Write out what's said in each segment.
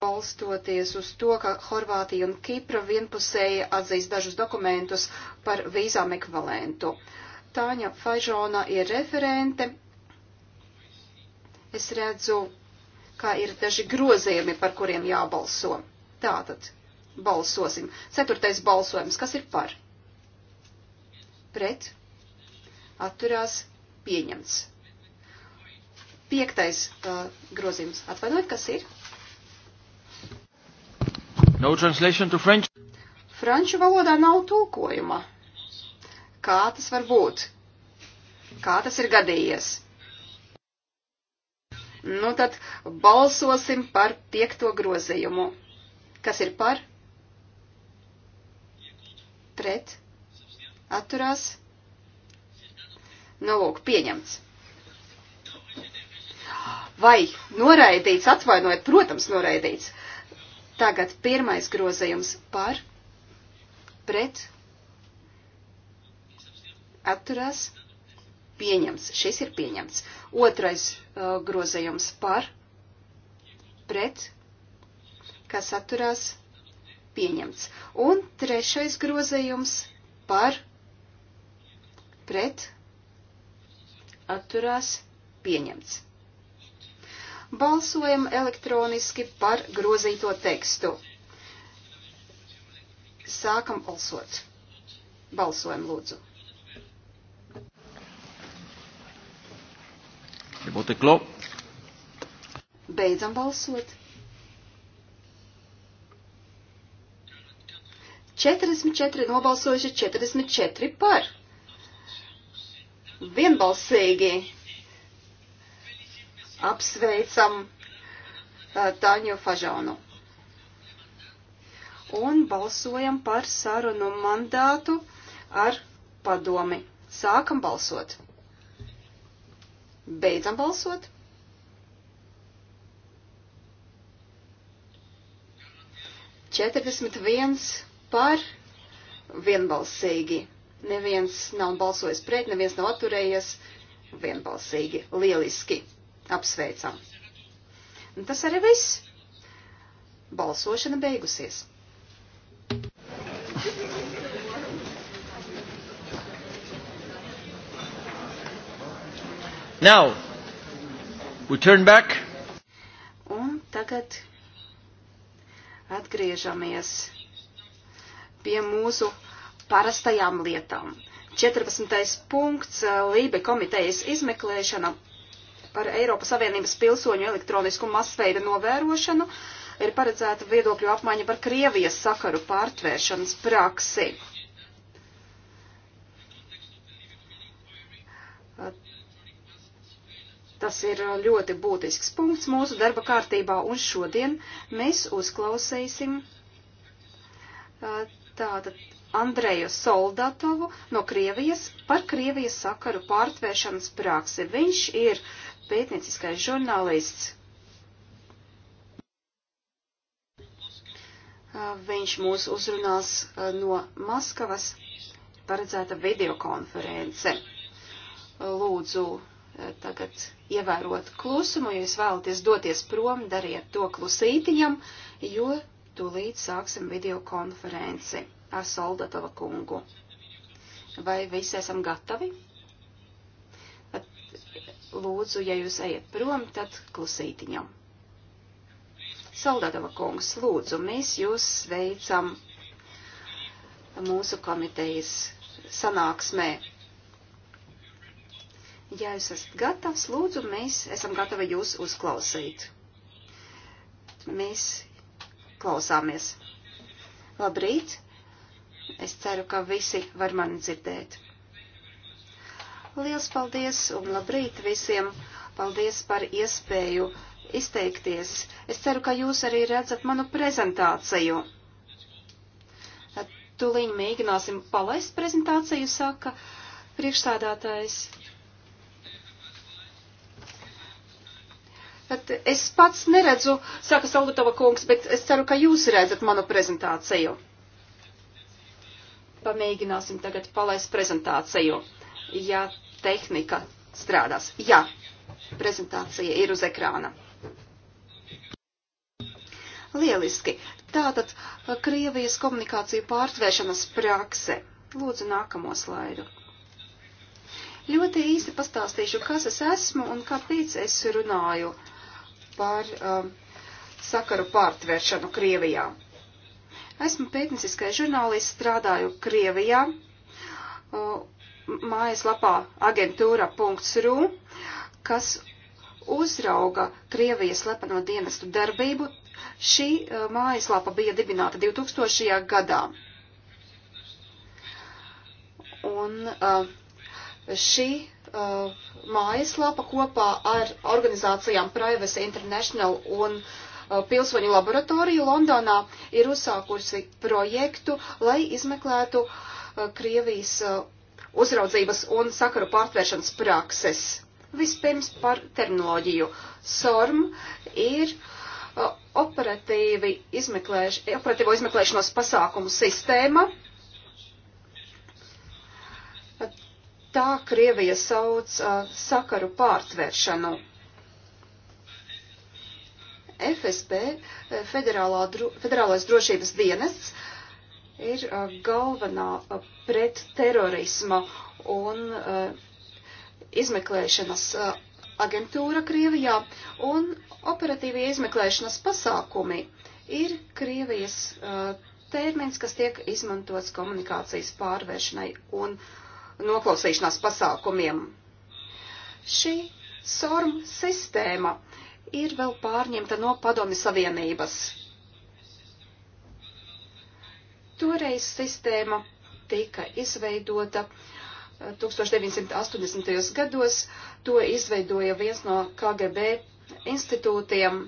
balstoties uz to, ka Horvātija un Kipra vienpusēji atzīst dažus dokumentus par vīzām ekvalentu. Tāņa Fažona ir referente. Es redzu, ka ir daži grozījumi, par kuriem jābalso. Tātad balsosim. Ceturtais balsojums. Kas ir par? Pret? Atturās? Pieņemts. Piektais uh, grozījums. Atvainojiet, kas ir? No translation to French. Franču valodā nav tulkojuma. Kā tas var būt? Kā tas ir gadījies? Nu tad balsosim par piekto grozījumu. Kas ir par? Pret? Atturās? Nu lūk, pieņemts. Vai noraidīts, atvainojiet, protams, noraidīts. Tagad pirmais grozījums par, pret, atturās, pieņemts. Šis ir pieņemts. Otrais uh, grozījums par, pret, kas atturās, pieņemts. Un trešais grozījums par, pret, atturās, pieņemts. Balsojam elektroniski par grozīto tekstu. Sākam balsot. Balsojam lūdzu. Boteklo. Beidzam balsot. 44 nobalsojuši, 44 par. Vienbalsīgi apsveicam uh, Taņu Fažānu. Un balsojam par sarunu mandātu ar padomi. Sākam balsot. Beidzam balsot. Četrdesmit viens par vienbalsīgi. Neviens nav balsojis pret, neviens nav atturējies vienbalsīgi. Lieliski! Apsveicam. Un tas arī viss. Balsošana beigusies. Now, we turn back. Un tagad atgriežamies pie mūsu parastajām lietām. 14. punkts Lībe komitejas izmeklēšana par Eiropas Savienības pilsoņu elektronisku masveida novērošanu ir paredzēta viedokļu apmaiņa par Krievijas sakaru pārtvēršanas praksi. Tas ir ļoti būtisks punkts mūsu darba kārtībā, un šodien mēs uzklausīsim tātad Andreju Soldatovu no Krievijas par Krievijas sakaru pārtvēršanas praksi. Viņš ir uh, pētnieciskais žurnālists. Viņš mūs uzrunās no Maskavas paredzēta videokonference. Lūdzu, tagad ievērot klusumu, ja jūs vēlaties doties prom, dariet to klusītiņam, jo tūlīt sāksim videokonferenci ar Soldatova kungu. Vai visi esam gatavi? lūdzu, ja jūs ejat prom, tad klusītiņam. Saldādava kungs, lūdzu, mēs jūs sveicam mūsu komitejas sanāksmē. Ja jūs esat gatavs, lūdzu, mēs esam gatavi jūs uzklausīt. Mēs klausāmies. Labrīt! Es ceru, ka visi var mani dzirdēt. Liels paldies un labrīt visiem! Paldies par iespēju izteikties. Es ceru, ka jūs arī redzat manu prezentāciju. Tūlīt mēģināsim palaist prezentāciju, saka priekšsādātājs. Tad es pats neredzu, saka Salvatova kungs, bet es ceru, ka jūs redzat manu prezentāciju. Pamēģināsim tagad palaist prezentāciju. Ja tehnika strādās. Jā, prezentācija ir uz ekrāna. Lieliski. Tātad uh, Krievijas komunikāciju pārtvēršanas prakse. Lūdzu nākamo slaidu. Ļoti īsti pastāstīšu, kas es esmu un kāpēc es runāju par um, sakaru pārtvēršanu Krievijā. Esmu pētnieciskais žurnālists, strādāju Krievijā. Uh, mājaslapā agentūra.ru, kas uzrauga Krievijas slepeno dienestu darbību. Šī eh, mājaslapa bija dibināta 2000. gadā. Un eh, šī eh, mājaslapa kopā ar organizācijām Privacy International un Pilsoņu laboratoriju Londonā ir uzsākusi projektu, lai izmeklētu Krievijas uzraudzības un sakaru pārtvēršanas prakses. Vispirms par terminoloģiju. SORM ir uh, operatīvi izmeklēš, operatīvo izmeklēšanos pasākumu sistēma. Tā Krievija sauc uh, sakaru pārtvēršanu. FSB, uh, Federālā, Federālais drošības dienests, ir galvenā pret terorisma un izmeklēšanas aģentūra Krievijā un operatīvie izmeklēšanas pasākumi ir Krievijas termins, kas tiek izmantots komunikācijas pārvēršanai un noklausīšanās pasākumiem. Šī SORM sistēma ir vēl pārņemta no Padomi Savienības Toreiz sistēma tika izveidota 1980. Eh, gados, to izveidoja viens no KGB institūtiem,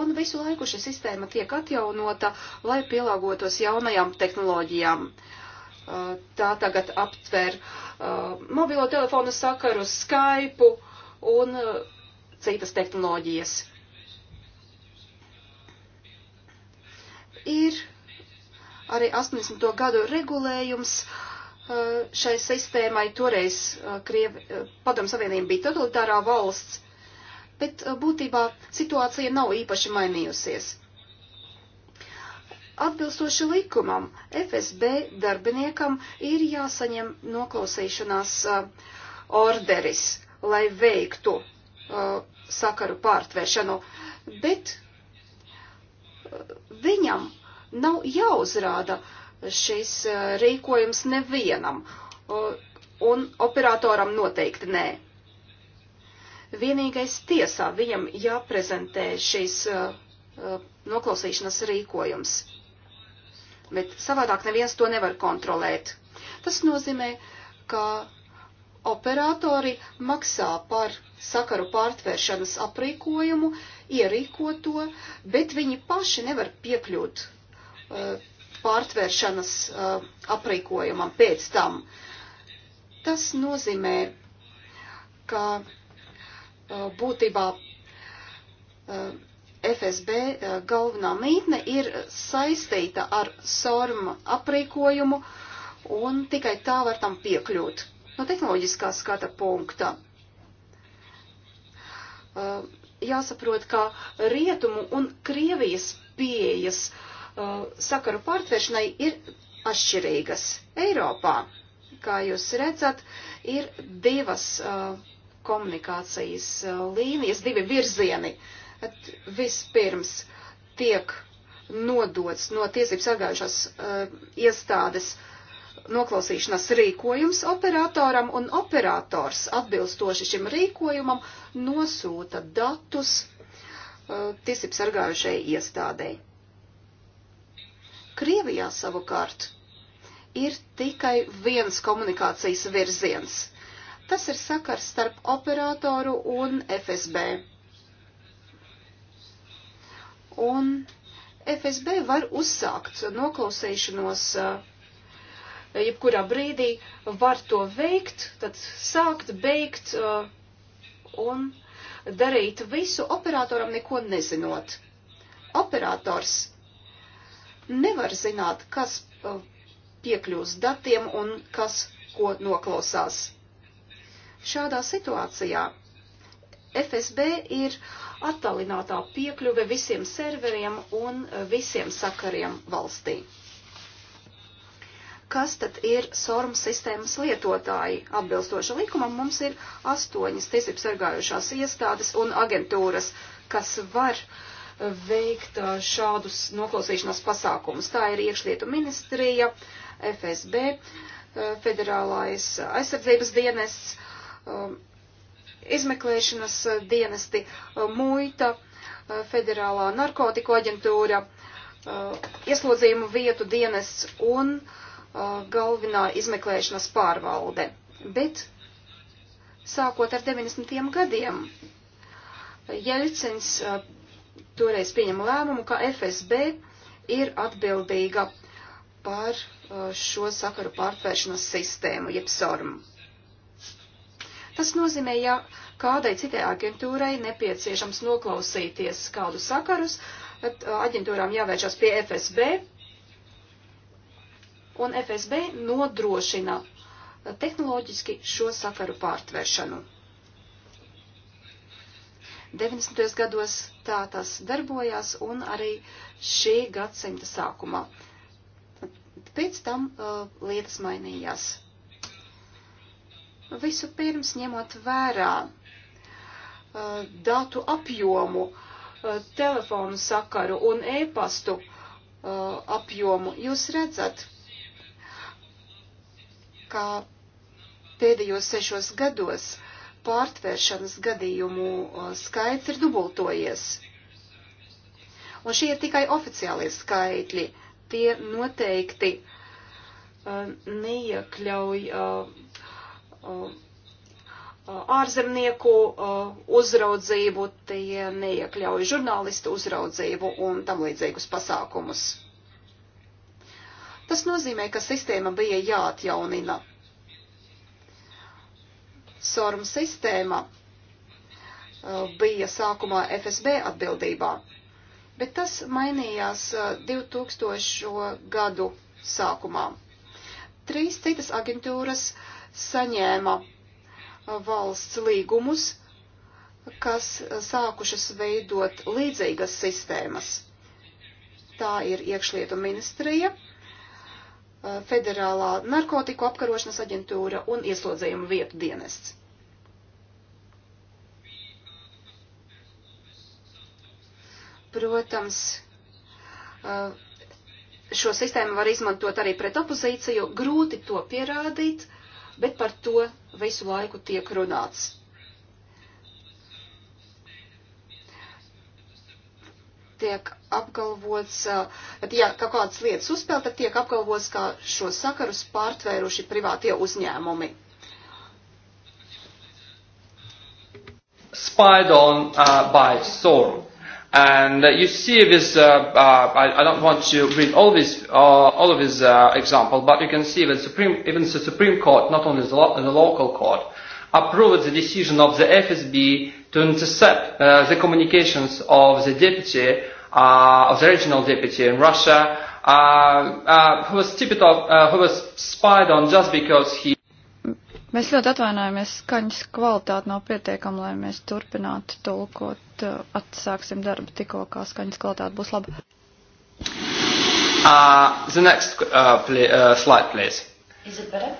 un visu laiku šī sistēma tiek atjaunota, lai pielāgotos jaunajām tehnoloģijām. Eh, tā tagad aptver eh, mobilo telefonu sakaru, Skype un citas tehnoloģijas. Ir Arī 80. gadu regulējums uh, šai sistēmai toreiz uh, Krievi, uh, Padomu Savienība bija totalitārā valsts, bet būtībā situācija nav īpaši mainījusies. Atbilstoši likumam, FSB darbiniekam ir jāsaņem noklausīšanās orderis, lai veiktu sakaru pārtvēršanu, bet viņam Nav jāuzrāda šis eh, rīkojums nevienam, eh, un operatoram noteikti nē. Vienīgais tiesā viņam jāprezentē šīs eh, noklausīšanas rīkojums, bet savādāk neviens to nevar kontrolēt. Tas nozīmē, ka operatori maksā par sakaru pārtvēršanas aprīkojumu, ierīko to, bet viņi paši nevar piekļūt pārtvēršanas aprīkojumam pēc tam. Tas nozīmē, ka būtībā FSB galvenā mītne ir saistīta ar SORM aprīkojumu un tikai tā var tam piekļūt. No tehnoloģiskā skata punkta jāsaprot, ka rietumu un Krievijas pieejas uh, Uh, sakaru pārtvēršanai ir atšķirīgas. Eiropā, kā jūs redzat, ir divas uh, komunikācijas uh, līnijas, divi virzieni. At vispirms tiek nodots no tiesības sargājušās uh, iestādes noklausīšanās rīkojums operatoram, un operators atbilstoši šim rīkojumam nosūta datus uh, tiesības sargājušajai iestādēji. Krievijā savukārt ir tikai viens komunikācijas virziens. Tas ir sakars starp operatoru un FSB. Un FSB var uzsākt noklausīšanos eh, jebkurā brīdī, var to veikt, tad sākt, beigt eh, un darīt visu operatoram neko nezinot. Operators nevar zināt, kas uh, piekļūs datiem un kas ko noklausās. Šādā situācijā FSB ir attālinātā piekļuve visiem serveriem un uh, visiem sakariem valstī. Kas tad ir SORM sistēmas lietotāji? Atbilstoši likumam mums ir astoņas tiesības sargājušās iestādes un aģentūras, kas var uh, veikt šādus noklausīšanās pasākumus. Tā ir iekšlietu ministrija, FSB, federālais aizsardzības dienests, izmeklēšanas dienesti, muita, federālā narkotiku aģentūra, ieslodzījumu vietu dienests un galvenā izmeklēšanas pārvalde. Bet sākot ar 90. gadiem Jeļcins toreiz pieņēma lēmumu, ka FSB ir atbildīga par uh, šo sakaru pārtvēršanas sistēmu, jeb sormu. Tas nozīmē, ja kādai citai aģentūrai nepieciešams noklausīties kādu sakarus, tad uh, aģentūrām jāvēršas pie FSB, un FSB nodrošina uh, tehnoloģiski šo sakaru pārtveršanu. 90. gados tā tas darbojās un arī šī gadsimta sākumā. Pēc tam uh, lietas mainījās. Visu pirms ņemot vērā uh, datu apjomu, uh, telefonu sakaru un e-pastu uh, apjomu, jūs redzat, ka pēdējos sešos gados uh, pārtvēršanas gadījumu uh, skaits ir dubultojies. Un šie ir tikai oficiālie skaitļi. Tie noteikti uh, neiekļauj uh, uh, uh ārzemnieku uh, uzraudzību, tie neiekļauj žurnālistu uzraudzību un tam līdzīgus pasākumus. Tas nozīmē, ka sistēma bija jāatjaunina SORM sistēma uh, bija sākumā FSB atbildībā, bet tas mainījās 2000. Uh, gadu sākumā. Trīs citas aģentūras saņēma uh, valsts līgumus, kas sākušas veidot līdzīgas sistēmas. Tā ir iekšlietu ministrija, Uh, Federālā narkotiku apkarošanas aģentūra un ieslodzījuma vietu dienests. Protams, uh, šo sistēmu var izmantot arī pret opozīciju, grūti to pierādīt, bet par to visu laiku tiek runāts. tiek apgalvots, bet eh, ja kādas lietas uzspēl, tad tiek apgalvots, ka šo sakarus pārtvēruši privātie uzņēmumi. Spied on uh, by Soros. And uh, you see this, uh, uh, I, I don't want to read all, this, uh, all of his uh, examples, but you can see that Supreme, even the Supreme Court, not only the, lo- the local court, approved the decision of the FSB to intercept uh, the communications of the deputy uh, of the regional deputy in Russia, uh, uh, who was typical, uh, who was spied on just because he. Mēs ļoti atvainojamies, skaņas kvalitāte nav pietiekama, lai mēs turpinātu tulkot. Uh, atsāksim darbu tikko, kā skaņas kvalitāte būs laba. Uh, the next uh, pl uh, slide, please. Is it better?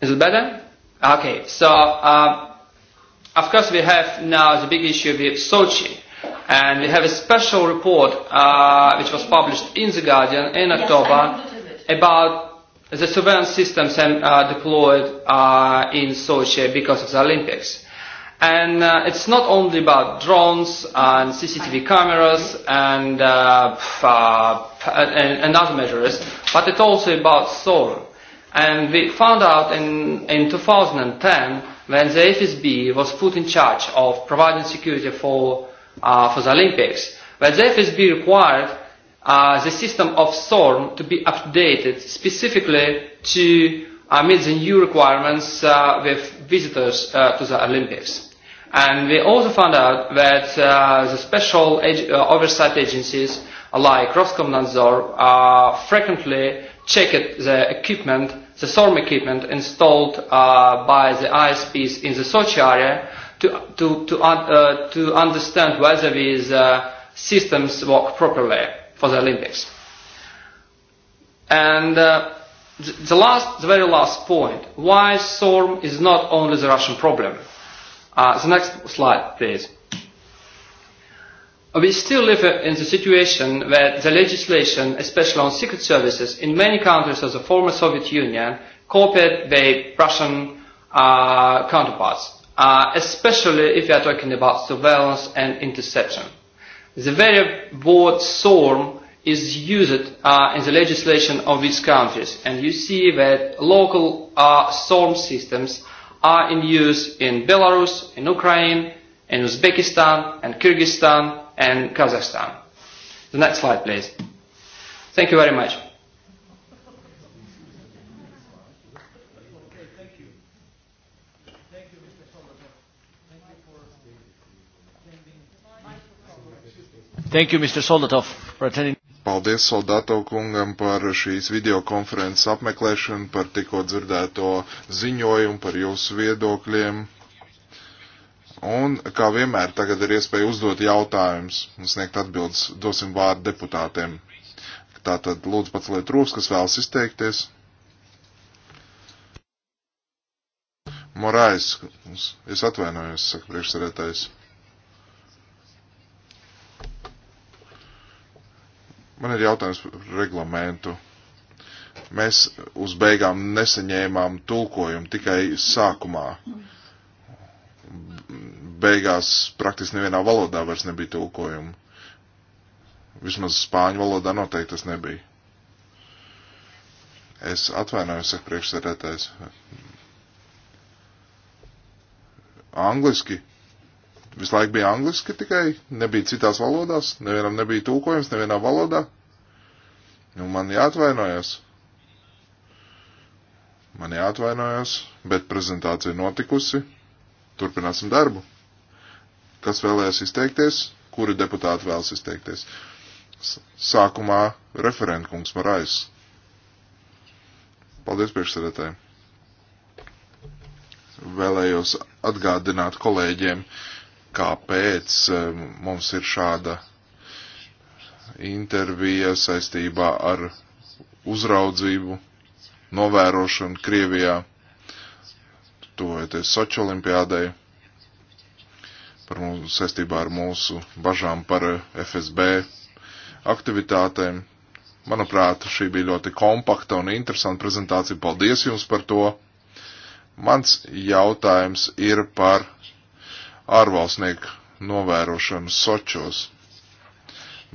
Is it better? Okay, so uh, of course we have now the big issue with Sochi And we have a special report uh, which was published in The Guardian in yes, October about the surveillance systems and, uh, deployed uh, in Sochi because of the Olympics. And uh, it's not only about drones and CCTV cameras and, uh, uh, and, and other measures, but it's also about solar. And we found out in, in 2010 when the FSB was put in charge of providing security for uh, for the Olympics, where the FSB required uh, the system of SORM to be updated specifically to uh, meet the new requirements uh, with visitors uh, to the Olympics. And we also found out that uh, the special ag- uh, oversight agencies like Roskomnadzor uh, frequently checked the equipment, the SORM equipment installed uh, by the ISPs in the Sochi area to, to, to, un, uh, to understand whether these uh, systems work properly for the Olympics. And uh, the, the, last, the very last point, why SORM is not only the Russian problem. Uh, the next slide, please. We still live in the situation where the legislation, especially on secret services, in many countries of the former Soviet Union, copied the Russian uh, counterparts uh, especially if you are talking about surveillance and interception. The very word SORM is used uh, in the legislation of these countries, and you see that local uh, SORM systems are in use in Belarus, in Ukraine, in Uzbekistan, and Kyrgyzstan, and Kazakhstan. The next slide, please. Thank you very much. Thank you, Mr. Soldatov, for attending. Paldies Soldatov kungam par šīs videokonferences apmeklēšanu, par tikko dzirdēto ziņojumu, par jūsu viedokļiem. Un, kā vienmēr, tagad ir iespēja uzdot jautājumus un sniegt atbildes. Dosim vārdu deputātiem. Tātad, lūdzu, paceliet rokas, kas vēlas izteikties. Morais, es atvainojos, saka priekšsarētājs. Man ir jautājums par reglamentu. Mēs uz beigām nesaņēmām tulkojumu tikai sākumā. Beigās praktiski nevienā valodā vairs nebija tulkojumu. Vismaz spāņu valodā noteikti tas nebija. Es atvainojos, saka priekšsēdētājs. Angliski Visu laiku bija angliski tikai, nebija citās valodās, nevienam nebija tūkojums, nevienā valodā. Nu, man jāatvainojas. Man jāatvainojas, bet prezentācija notikusi. Turpināsim darbu. Kas vēlēs izteikties? Kuri deputāti vēlas izteikties? Sākumā referentkungs Marais. Paldies priekšsēdētājiem. Vēlējos atgādināt kolēģiem, uh, kāpēc eh, mums ir šāda intervija saistībā ar uzraudzību, novērošanu Krievijā, tuvojoties Soči olimpiādai, par mūsu saistībā ar mūsu bažām par eh, FSB aktivitātēm. Manuprāt, šī bija ļoti kompakta un interesanta prezentācija. Paldies jums par to! Mans jautājums ir par ārvalstnieku novērošanu Sočos.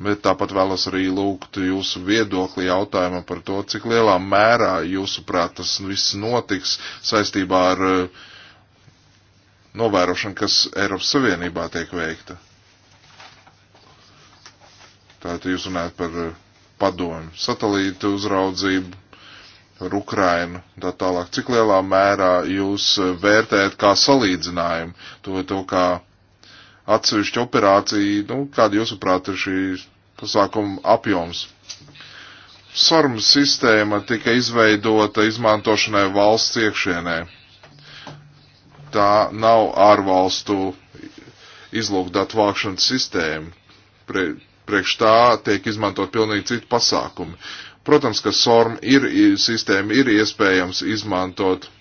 Bet tāpat vēlos arī lūgt jūsu viedokli jautājumu par to, cik lielā mērā jūsuprāt tas viss notiks saistībā ar eh, novērošanu, kas Eiropas Savienībā tiek veikta. Tātad jūs runājat par eh, padomu, satelītu uzraudzību, ar Ukrainu tā tālāk. Cik lielā mērā jūs vērtējat kā salīdzinājumu to, to kā atsevišķu operāciju, nu, kāda jūsuprāt ir šī pasākuma apjoms? Sarmu sistēma tika izveidota izmantošanai valsts iekšienē. Tā nav ārvalstu izlūkdatu vākšanas sistēma. Pre, priekš tā tiek izmantot pilnīgi citi pasākumi. Protams, ka SORM ir, sistēma ir iespējams izmantot e,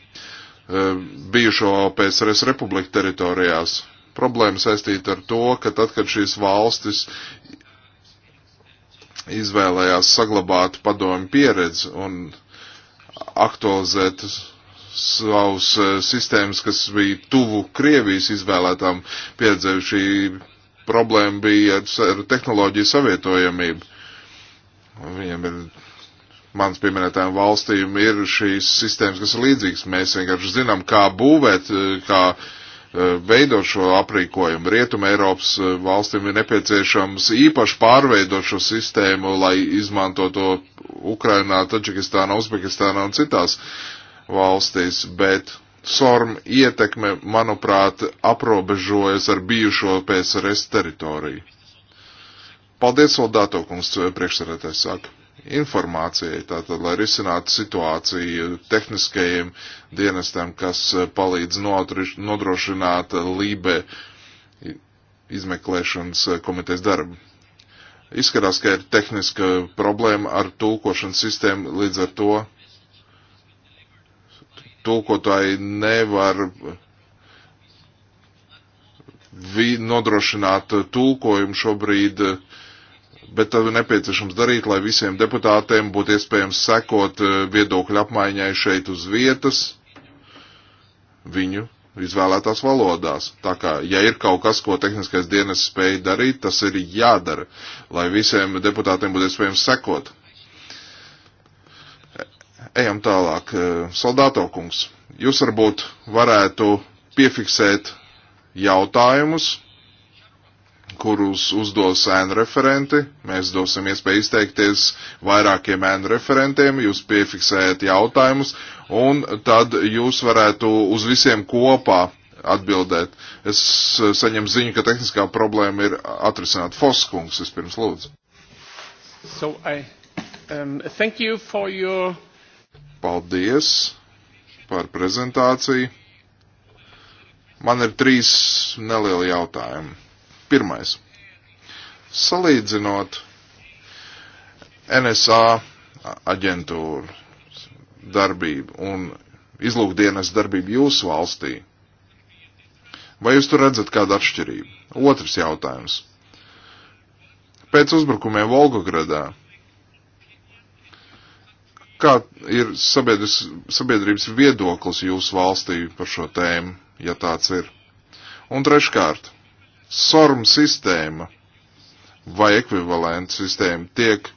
bijušo PSRS republiku teritorijās. Problēma saistīta ar to, ka tad, kad šīs valstis izvēlējās saglabāt padomu pieredzi un aktualizēt savus e, sistēmas, kas bija tuvu Krievijas izvēlētām pieredzē, šī problēma bija ar tehnoloģiju savietojamību. Viņiem ir mans pieminētām valstīm ir šīs sistēmas, kas ir līdzīgas. Mēs vienkārši zinām, kā būvēt, eh, kā eh, veidot šo aprīkojumu. Rietuma Eiropas eh, valstīm ir nepieciešams īpaši pārveidot šo sistēmu, lai izmanto to Ukrainā, Taģikistānā, Uzbekistānā un citās valstīs, bet SORM ietekme, manuprāt, aprobežojas ar bijušo PSRS teritoriju. Paldies, soldāto kungs, priekšsarētājs saka informācijai, tātad, lai risinātu situāciju tehniskajiem dienestam, kas eh, palīdz notriš, nodrošināt eh, Lībe izmeklēšanas eh, komitejas darbu. Izskatās, ka ir tehniska problēma ar tulkošanas sistēmu, līdz ar to tulkotāji nevar nodrošināt tulkojumu šobrīd uh, bet to nepieciešams darīt, lai visiem deputātiem būtu iespējams sekot eh, viedokļu apmaiņai šeit uz vietas viņu izvēlētās valodās. Tā kā, ja ir kaut kas, ko tehniskais dienas spēja darīt, tas ir jādara, lai visiem deputātiem būtu iespējams sekot. E, ejam tālāk. Eh, soldāto kungs, jūs varbūt varētu piefiksēt jautājumus, kurus uzdos ēnu referenti. Mēs dosim iespēju izteikties vairākiem ēnu referentiem, jūs piefiksējat jautājumus, un tad jūs varētu uz visiem kopā atbildēt. Es saņemu ziņu, ka tehniskā problēma ir atrisināt Foskungs, es pirms lūdzu. So I, um, thank you for your... Paldies par prezentāciju. Man ir trīs nelieli jautājumi. Pirmais. Salīdzinot NSA aģentūru darbību un izlūkdienas darbību jūsu valstī, vai jūs tur redzat kādu atšķirību? Otrs jautājums. Pēc uzbrukumiem Volgogradā kā ir sabiedris, sabiedrības viedoklis jūsu valstī par šo tēmu, ja tāds ir. Un treškārt, SORM sistēma vai ekvivalenta sistēma tiek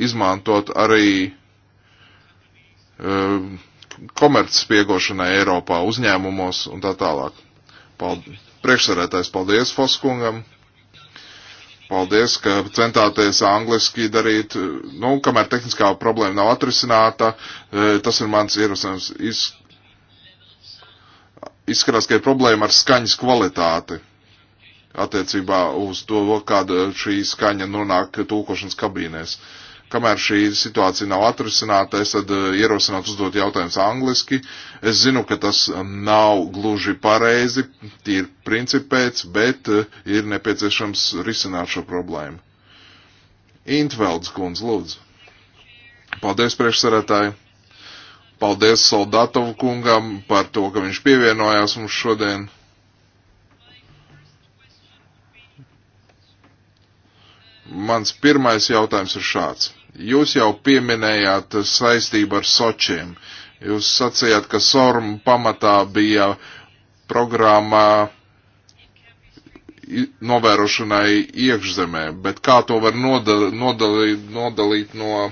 izmantot arī um, komercspiegošanai Eiropā, uzņēmumos un tā tālāk. Paldies. Priekšsarētājs, paldies Foskungam. Paldies, ka centāties angliski darīt. Nu, kamēr tehniskā problēma nav atrisināta, eh, tas ir mans ierosinājums. Iz... Izskatās, ka ir problēma ar skaņas kvalitāti attiecībā uz to, kāda šī skaņa nonāk tūkošanas kabīnēs. Kamēr šī situācija nav atrisināta, es tad eh, ierosinātu uzdot jautājumus angliski. Es zinu, ka tas eh, nav gluži pareizi, tīri principēc, bet eh, ir nepieciešams risināt šo problēmu. Intvelds kundz, lūdzu. Paldies, priekšsarētāji. Paldies Soldatovu kungam par to, ka viņš pievienojās mums šodien Mans pirmais jautājums ir šāds. Jūs jau pieminējāt saistību ar Sočiem. Jūs sacījāt, ka Sorm pamatā bija programmā novērošanai iekšzemē, bet kā to var nodal, nodalīt, nodalīt no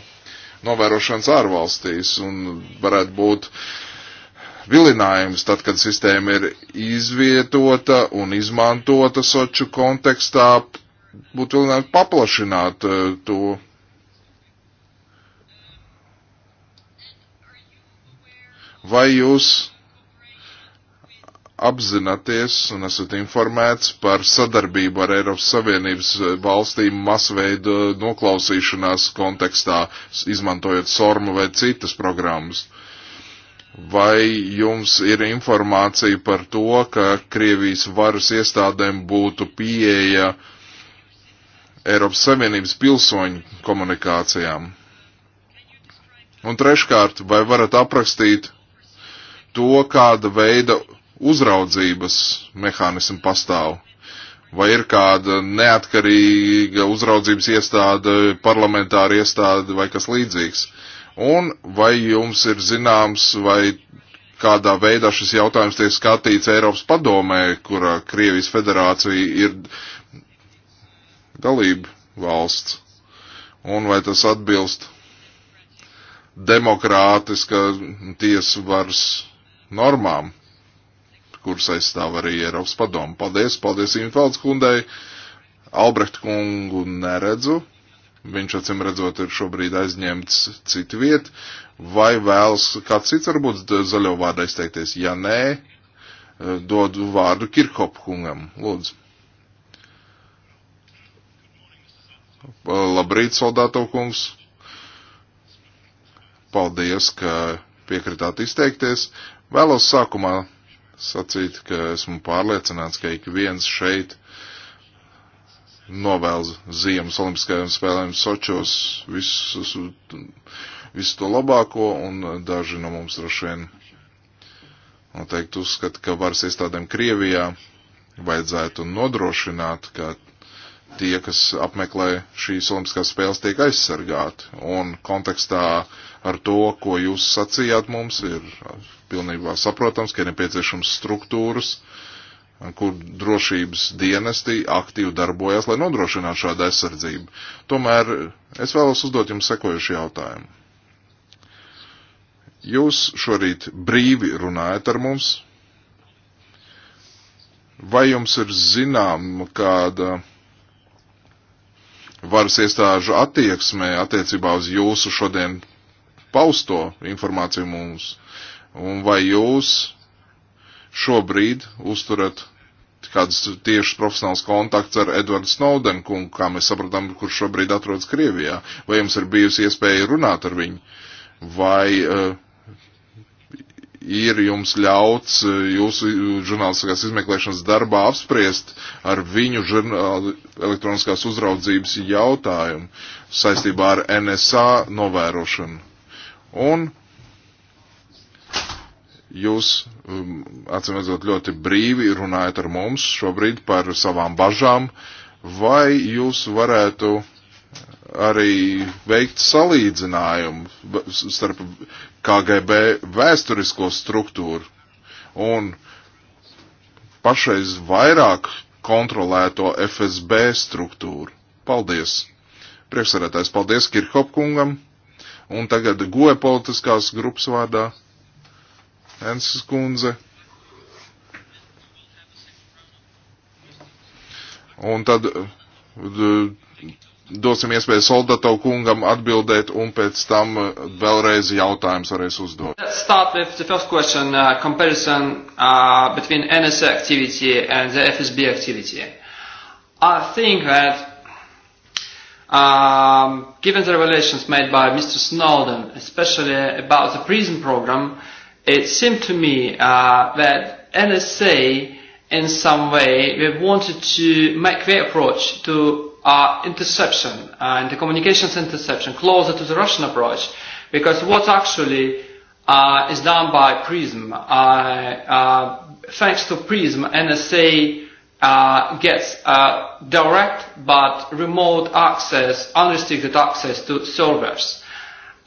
novērošanas ārvalstīs un varētu būt vilinājums tad, kad sistēma ir izvietota un izmantota soču kontekstā būtu paplašināt eh, to. Vai jūs apzināties un esat informēts par sadarbību ar Eiropas Savienības eh, valstīm masveida noklausīšanās kontekstā, izmantojot SORMU vai citas programmas? Vai jums ir informācija par to, ka Krievijas varas iestādēm būtu pieeja uh, Eiropas Savienības pilsoņu komunikācijām. Un treškārt, vai varat aprakstīt to, kāda veida uzraudzības mehānismu pastāv? Vai ir kāda neatkarīga uzraudzības iestāde, parlamentāra iestāde vai kas līdzīgs? Un vai jums ir zināms, vai kādā veidā šis jautājums tiek skatīts Eiropas padomē, kurā Krievijas federācija ir dalību valsts un vai tas atbilst demokrātiska tiesu varas normām, kuras aizstāv arī Eiropas padomu. Paldies, paldies Infelds kundai, Albrecht kungu neredzu, viņš acim redzot ir šobrīd aizņemts citu vietu, vai vēlas kāds cits varbūt zaļo vārdu izteikties, ja nē, eh, dodu vārdu Kirkop kungam, lūdzu. Labrīt, soldāto kungs! Paldies, ka piekritāt izteikties. Vēlos sākumā sacīt, ka esmu pārliecināts, ka ik viens šeit novēl ziemas olimpiskajām spēlēm Sočos visus, visu to labāko, un daži no mums droši vien noteikti uzskata, ka varas iestādēm Krievijā vajadzētu nodrošināt, ka tie, kas apmeklē šīs olimpiskās spēles, tiek aizsargāti. Un kontekstā ar to, ko jūs sacījāt mums, ir pilnībā saprotams, ka ir nepieciešams struktūras, kur drošības dienesti aktīvi darbojas, lai nodrošinātu šādu aizsardzību. Tomēr es vēlos uzdot jums sekojušu jautājumu. Jūs šorīt brīvi runājat ar mums. Vai jums ir zinām kāda uh, varas iestāžu attieksmē attiecībā uz jūsu šodien pausto informāciju mums, un vai jūs šobrīd uzturat kāds tieši profesionāls kontakts ar Edvardu Snowdenu kungu, kā mēs sapratām, kurš šobrīd atrodas Krievijā, vai jums ir bijusi iespēja runāt ar viņu, vai uh, ir jums ļauts e, jūsu žurnālistiskās izmeklēšanas darbā apspriest ar viņu žurnāli, elektroniskās uzraudzības jautājumu saistībā ar NSA novērošanu. Un jūs, um, atcīmredzot, ļoti brīvi runājat ar mums šobrīd par savām bažām, vai jūs varētu arī veikt salīdzinājumu starp KGB vēsturisko struktūru un pašreiz vairāk kontrolēto FSB struktūru. Paldies! Priekšsarētājs, paldies Kirchhopkungam! Un tagad goja politiskās grupas vārdā Ensis Kunze. Un tad dosim iespēju Soldato kungam atbildēt, un pēc tam uh, vēlreiz jautājums varēs uzdot. Let's start with the first question, uh, comparison uh, between NSA activity and the FSB activity. I think that um, given the revelations made by Mr. Snowden, especially about the prison program, it seemed to me uh, that NSA in some way they wanted to make their approach to uh, interception and the communications interception closer to the Russian approach, because what actually uh, is done by PRISM, uh, uh, thanks to PRISM, NSA uh, gets uh, direct but remote access, unrestricted access to servers.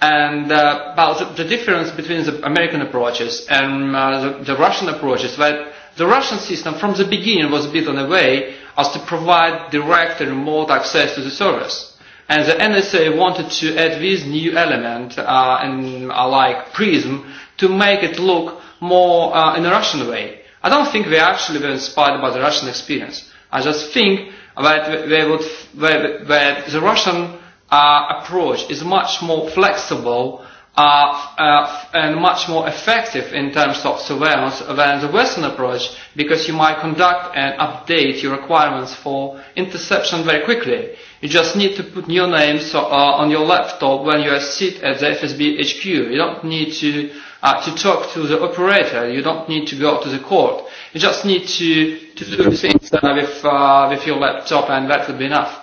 And uh, about the, the difference between the American approaches and uh, the, the Russian approaches, that the Russian system from the beginning was a bit on the way as to provide direct and remote access to the service. And the NSA wanted to add this new element, uh, and, uh, like Prism, to make it look more uh, in a Russian way. I don't think they actually were inspired by the Russian experience. I just think that they would, that, that the Russian uh, approach is much more flexible are, uh, and much more effective in terms of surveillance than the Western approach because you might conduct and update your requirements for interception very quickly. You just need to put your name so, uh, on your laptop when you sit at the FSB HQ. You don't need to, uh, to talk to the operator. You don't need to go to the court. You just need to, to do things uh, with, uh, with your laptop and that would be enough.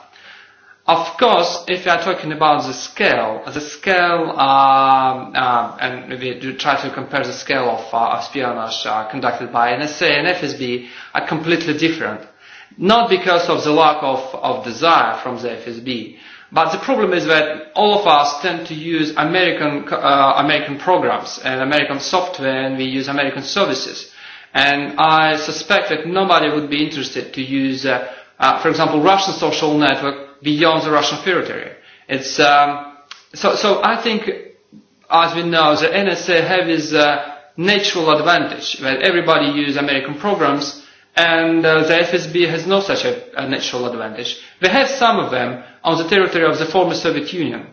Of course, if you are talking about the scale, the scale, um, uh, and we do try to compare the scale of uh, espionage uh, conducted by NSA and FSB, are completely different. Not because of the lack of, of desire from the FSB, but the problem is that all of us tend to use American, uh, American programs and American software, and we use American services. And I suspect that nobody would be interested to use, uh, uh, for example, Russian social network beyond the Russian territory. It's, um, so, so I think, as we know, the NSA have this uh, natural advantage that everybody uses American programs and uh, the FSB has no such a, a natural advantage. They have some of them on the territory of the former Soviet Union,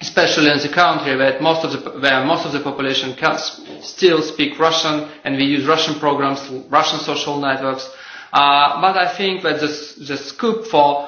especially in the country where most of the, where most of the population can sp- still speak Russian and we use Russian programs, Russian social networks. Uh, but I think that the, the scope for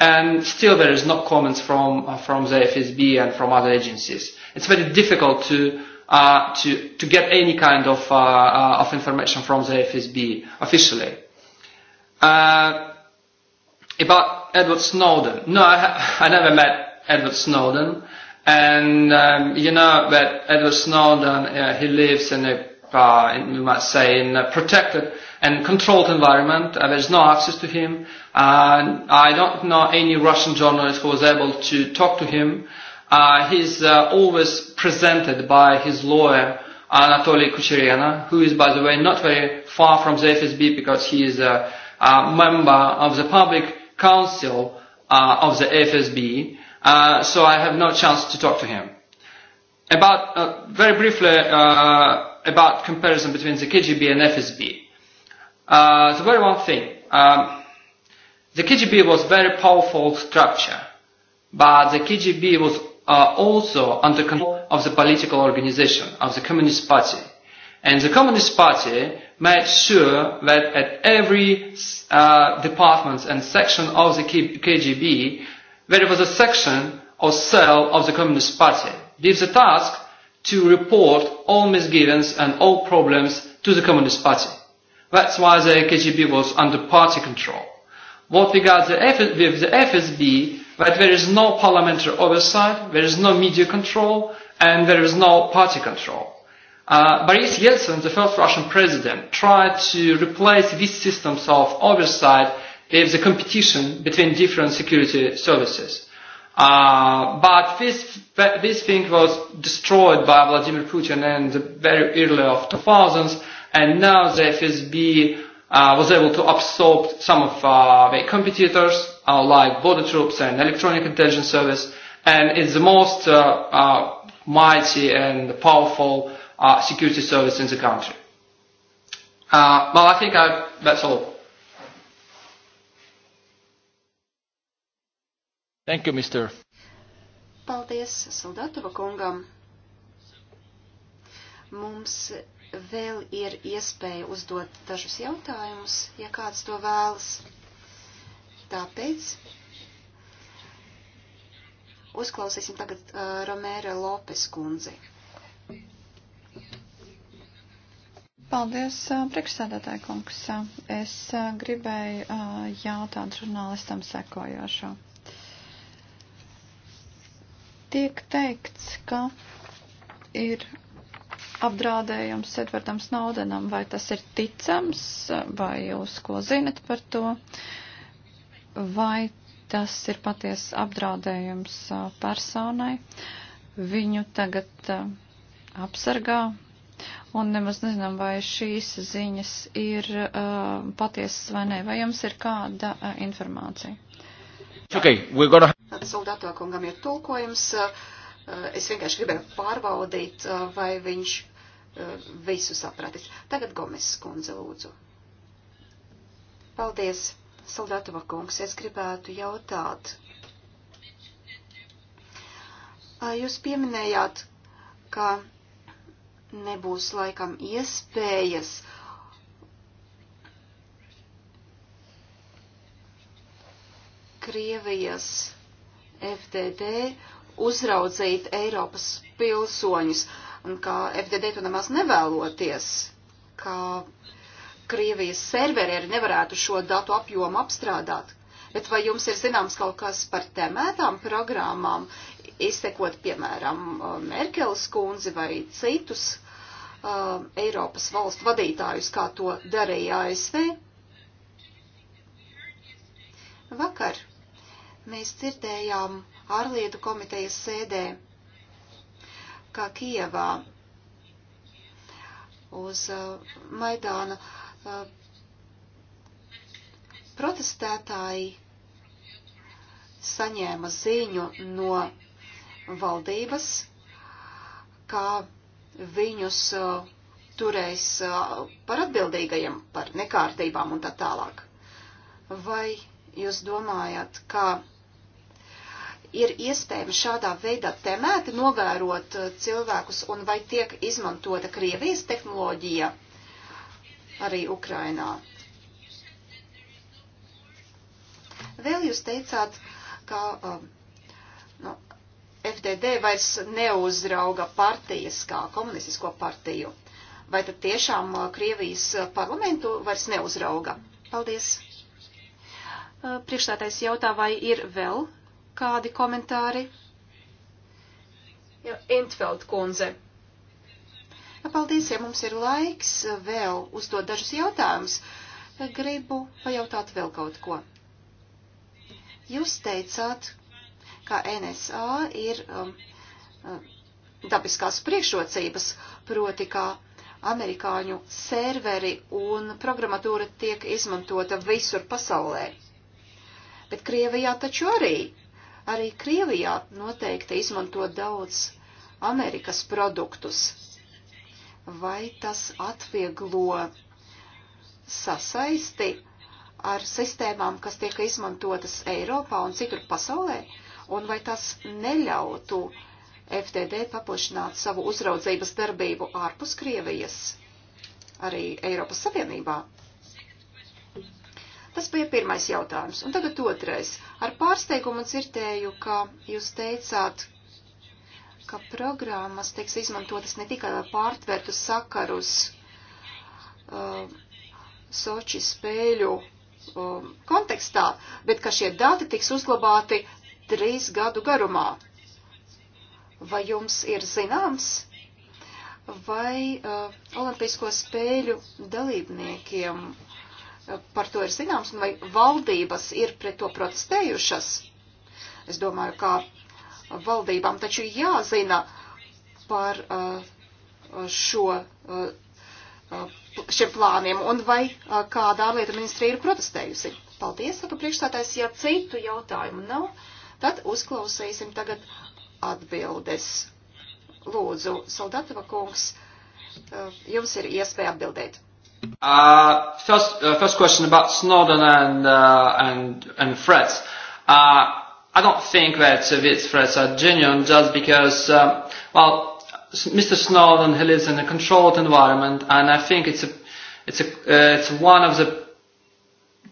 and still there is no comments from uh, from the FSB and from other agencies. It's very difficult to uh, to to get any kind of uh, uh, of information from the FSB officially. Uh, about Edward Snowden, no, I, ha- I never met Edward Snowden, and um, you know that Edward Snowden uh, he lives in a uh, in, we must say, in a protected and controlled environment. Uh, there's no access to him. Uh, I don't know any Russian journalist who was able to talk to him. Uh, he's uh, always presented by his lawyer, Anatoly Kucherena, who is, by the way, not very far from the FSB because he is a, a member of the public council uh, of the FSB. Uh, so I have no chance to talk to him. About, uh, very briefly, uh, about comparison between the KGB and FSB. Uh, the very one thing, um, the KGB was very powerful structure, but the KGB was uh, also under control of the political organization of the Communist Party. And the Communist Party made sure that at every uh, department and section of the KGB, there was a section or cell of the Communist Party. Did the task to report all misgivings and all problems to the Communist Party. That's why the KGB was under party control. What regards the F- with the FSB, that there is no parliamentary oversight, there is no media control, and there is no party control. Uh, Boris Yeltsin, the first Russian president, tried to replace these systems of oversight with the competition between different security services. Uh, but this, this thing was destroyed by Vladimir Putin in the very early of 2000s, and now the FSB uh, was able to absorb some of uh, their competitors, uh, like border troops and electronic intelligence service, and it's the most uh, uh, mighty and powerful uh, security service in the country. Uh, well, I think I, that's all. Thank you, mister. Paldies Soldatova kungam. Mums vēl ir iespēja uzdot dažus jautājumus, ja kāds to vēlas. Tāpēc uzklausīsim tagad uh, Romēra Lopes kundzi. Paldies, uh, priekšsēdētāji kungs. Es uh, gribēju uh, jautāt žurnālistam sekojošo. Tiek teikts, ka ir apdraudējums Edvardam Snowdenam, vai tas ir ticams, vai jūs ko zinat par to, vai tas ir paties apdraudējums personai. Viņu tagad apsargā, un nemaz nezinām, vai šīs ziņas ir uh, patiesas vai nē, vai jums ir kāda uh, informācija. Okay, gonna... Tātad soldāto kungam ir tulkojums. Eh, es vienkārši gribēju pārbaudīt, eh, vai viņš eh, visu sapratis. Tagad Gomes skundze lūdzu. Paldies, Saldatova kungs. Es gribētu jautāt. Jūs pieminējāt, ka nebūs laikam iespējas Krievijas FDD uzraudzīt Eiropas pilsoņus, un kā FDD to nemaz nevēloties, ka Krievijas serveri arī nevarētu šo datu apjomu apstrādāt. Bet vai jums ir zināms kaut kas par tēmētām programmām, iztekot, piemēram, Merkeles kundzi vai citus uh, Eiropas valstu vadītājus, kā to darīja ASV? Vakar Mēs dzirdējām ārlietu komitejas sēdē, kā Kievā uz uh, Maidāna uh, protestētāji saņēma ziņu no valdības, kā viņus uh, turēs par atbildīgajiem par nekārtībām un tā tālāk. Vai jūs domājat, ka ir iespējams šādā veidā temēti novērot uh, cilvēkus un vai tiek izmantota Krievijas tehnoloģija arī Ukrainā? Vēl jūs teicāt, ka um, nu, FDD vairs neuzrauga partijas kā komunistisko partiju. Vai tad tiešām uh, Krievijas uh, parlamentu vairs neuzrauga? Paldies! Priekšstātais jautā, vai ir vēl kādi komentāri? Jā, Intveld kundze. Jā, paldies, ja mums ir laiks vēl uzdot dažus jautājumus. Gribu pajautāt vēl kaut ko. Jūs teicāt, ka NSA ir um, um, dabiskās priekšrocības, proti, kā amerikāņu serveri un programmatūra tiek izmantota visur pasaulē. Bet Krievijā taču arī Arī Krievijā noteikti izmanto daudz Amerikas produktus. Vai tas atvieglo sasaisti ar sistēmām, kas tiek izmantotas Eiropā un citur pasaulē, un vai tas neļautu FTD paplašināt savu uzraudzības darbību ārpus Krievijas, arī Eiropas Savienībā? Tas bija pirmais jautājums. Un tagad otrais. Ar pārsteigumu dzirdēju, ka jūs teicāt, ka programmas tiks izmantotas ne tikai, lai pārtvērtu sakarus uh, Soči spēļu um, kontekstā, bet ka šie dati tiks uzglabāti trīs gadu garumā. Vai jums ir zināms, vai uh, Olimpisko spēļu dalībniekiem par to ir zināms, un vai valdības ir pret to protestējušas? Es domāju, ka valdībām taču jāzina par uh, šo, uh, uh, šiem plāniem, un vai kāda ārlietu ministrija ir protestējusi. Paldies, saka priekšstādājs, ja citu jautājumu nav, tad uzklausīsim tagad atbildes. Lūdzu, Saldatava kungs, jums ir iespēja atbildēt. Uh, first, uh, first question about Snowden and uh, and and threats. Uh, I don't think that uh, these threats are genuine just because, um, well, Mr. Snowden he lives in a controlled environment, and I think it's a it's a uh, it's one of the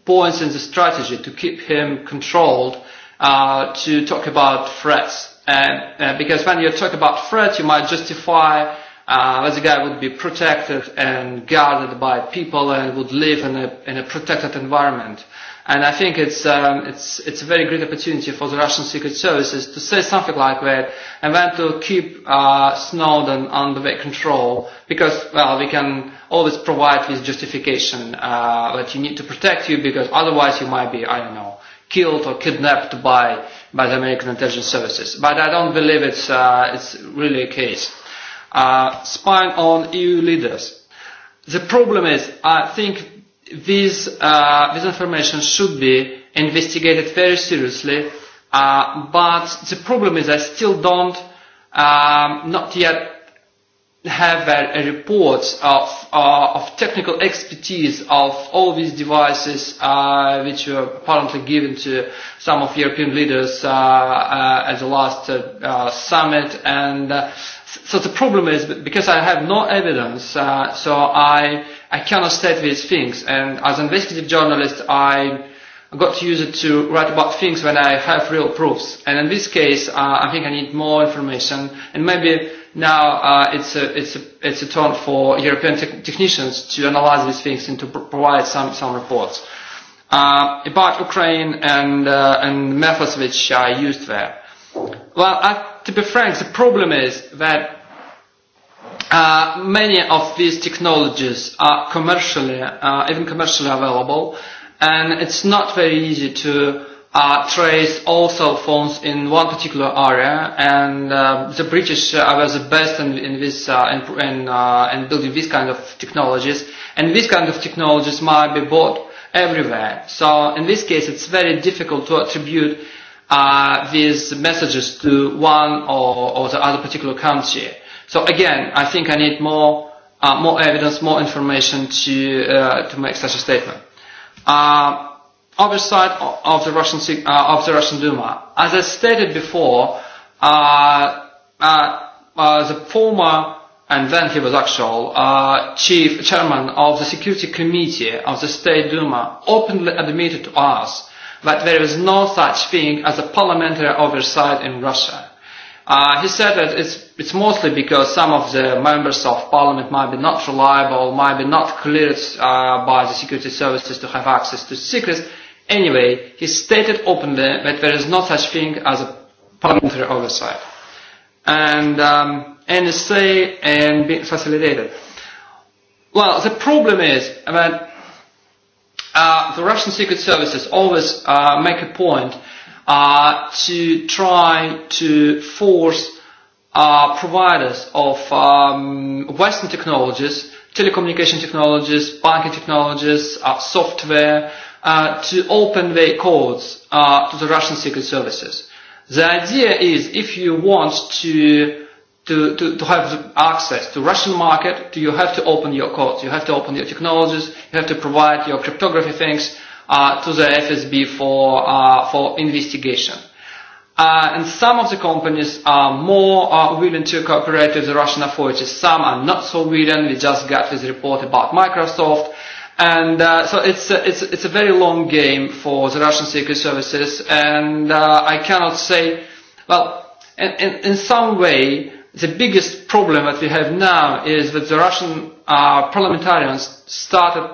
points in the strategy to keep him controlled uh, to talk about threats, and uh, because when you talk about threats, you might justify uh, this guy would be protected and guarded by people and would live in a, in a protected environment. And I think it's, um, it's, it's a very great opportunity for the Russian secret services to say something like that and then to keep uh, Snowden under their control because, well, we can always provide this justification uh, that you need to protect you because otherwise you might be, I don't know, killed or kidnapped by, by the American intelligence services. But I don't believe it's, uh, it's really a case uh, spying on EU leaders. The problem is, I think this, uh, this information should be investigated very seriously, uh, but the problem is I still don't, um, not yet have a, a report of, uh, of technical expertise of all these devices uh, which were apparently given to some of European leaders uh, uh, at the last uh, uh, summit and uh, So the problem is because I have no evidence, uh, so I I cannot state these things. And as an investigative journalist, I got to use it to write about things when I have real proofs. And in this case, uh, I think I need more information. And maybe now uh, it's a it's a it's a turn for European te- technicians to analyze these things and to pr- provide some some reports uh, about Ukraine and uh, and methods which I used there. Well, I to be frank, the problem is that uh, many of these technologies are commercially, uh, even commercially available, and it's not very easy to uh, trace all cell phones in one particular area, and uh, the British uh, were the best in, in this uh, in, in, uh, in building these kind of technologies, and these kind of technologies might be bought everywhere. So in this case, it's very difficult to attribute uh, these messages to one or, or the other particular country. So again, I think I need more, uh, more evidence, more information to, uh, to make such a statement. Uh, oversight of the Russian, uh, of the Russian Duma. As I stated before, uh, uh, uh, the former and then he was actual uh, chief chairman of the security committee of the State Duma openly admitted to us that there is no such thing as a parliamentary oversight in Russia. Uh, he said that it's, it's mostly because some of the members of parliament might be not reliable, might be not cleared uh, by the security services to have access to secrets. Anyway, he stated openly that there is no such thing as a parliamentary oversight. And um, NSA and being facilitated. Well, the problem is that uh, the Russian secret services always uh, make a point uh, to try to force uh, providers of um, Western technologies, telecommunication technologies, banking technologies, uh, software, uh, to open their codes uh, to the Russian secret services. The idea is if you want to to, to, to have access to Russian market, to, you have to open your codes, you have to open your technologies, you have to provide your cryptography things uh, to the FSB for, uh, for investigation. Uh, and some of the companies are more uh, willing to cooperate with the Russian authorities. Some are not so willing. We just got this report about Microsoft. And uh, so it's a, it's, it's a very long game for the Russian secret services. And uh, I cannot say, well, in, in, in some way, the biggest problem that we have now is that the Russian uh, parliamentarians started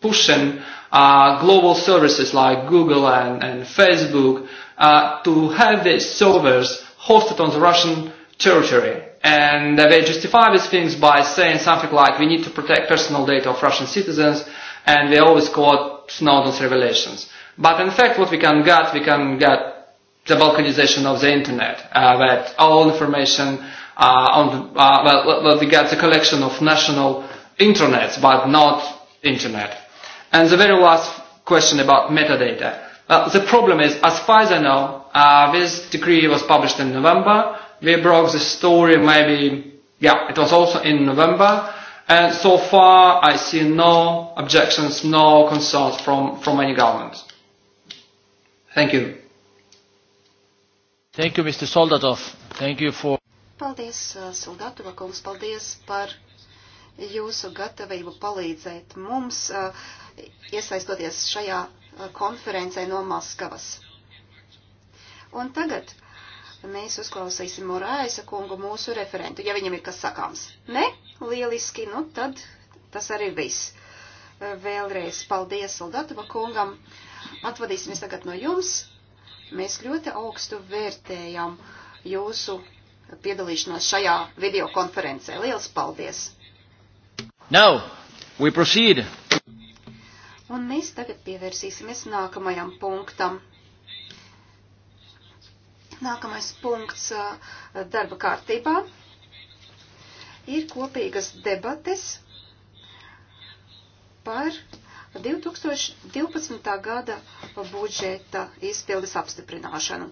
pushing uh, global services like Google and, and Facebook uh, to have their servers hosted on the Russian territory. And they justify these things by saying something like, we need to protect personal data of Russian citizens, and they always quote Snowden's revelations. But in fact, what we can get, we can get the balkanization of the internet, uh, that all information uh, on the, uh, well, well, we get a collection of national intranets, but not internet. And the very last question about metadata. Uh, the problem is, as far as I know, uh, this decree was published in November. We broke the story maybe, yeah, it was also in November. And so far, I see no objections, no concerns from, from any government. Thank you. Thank you, Mr. Soldatov. Thank you for Paldies, uh, Soldatova kungs, paldies par jūsu gatavību palīdzēt mums, uh, iesaistoties šajā uh, konferencē no Maskavas. Un tagad mēs uzklausīsim Morāisa kungu mūsu referentu, ja viņam ir kas sakāms. Ne? Lieliski, nu tad tas arī viss. Vēlreiz paldies Soldatova kungam. Atvadīsimies tagad no jums. Mēs ļoti augstu vērtējam jūsu piedalīšanos šajā videokonferencē. Liels paldies! Now, we proceed. Un mēs tagad pievērsīsimies nākamajam punktam. Nākamais punkts uh, darba kārtībā ir kopīgas debates par 2012. gada budžeta izpildes apstiprināšanu.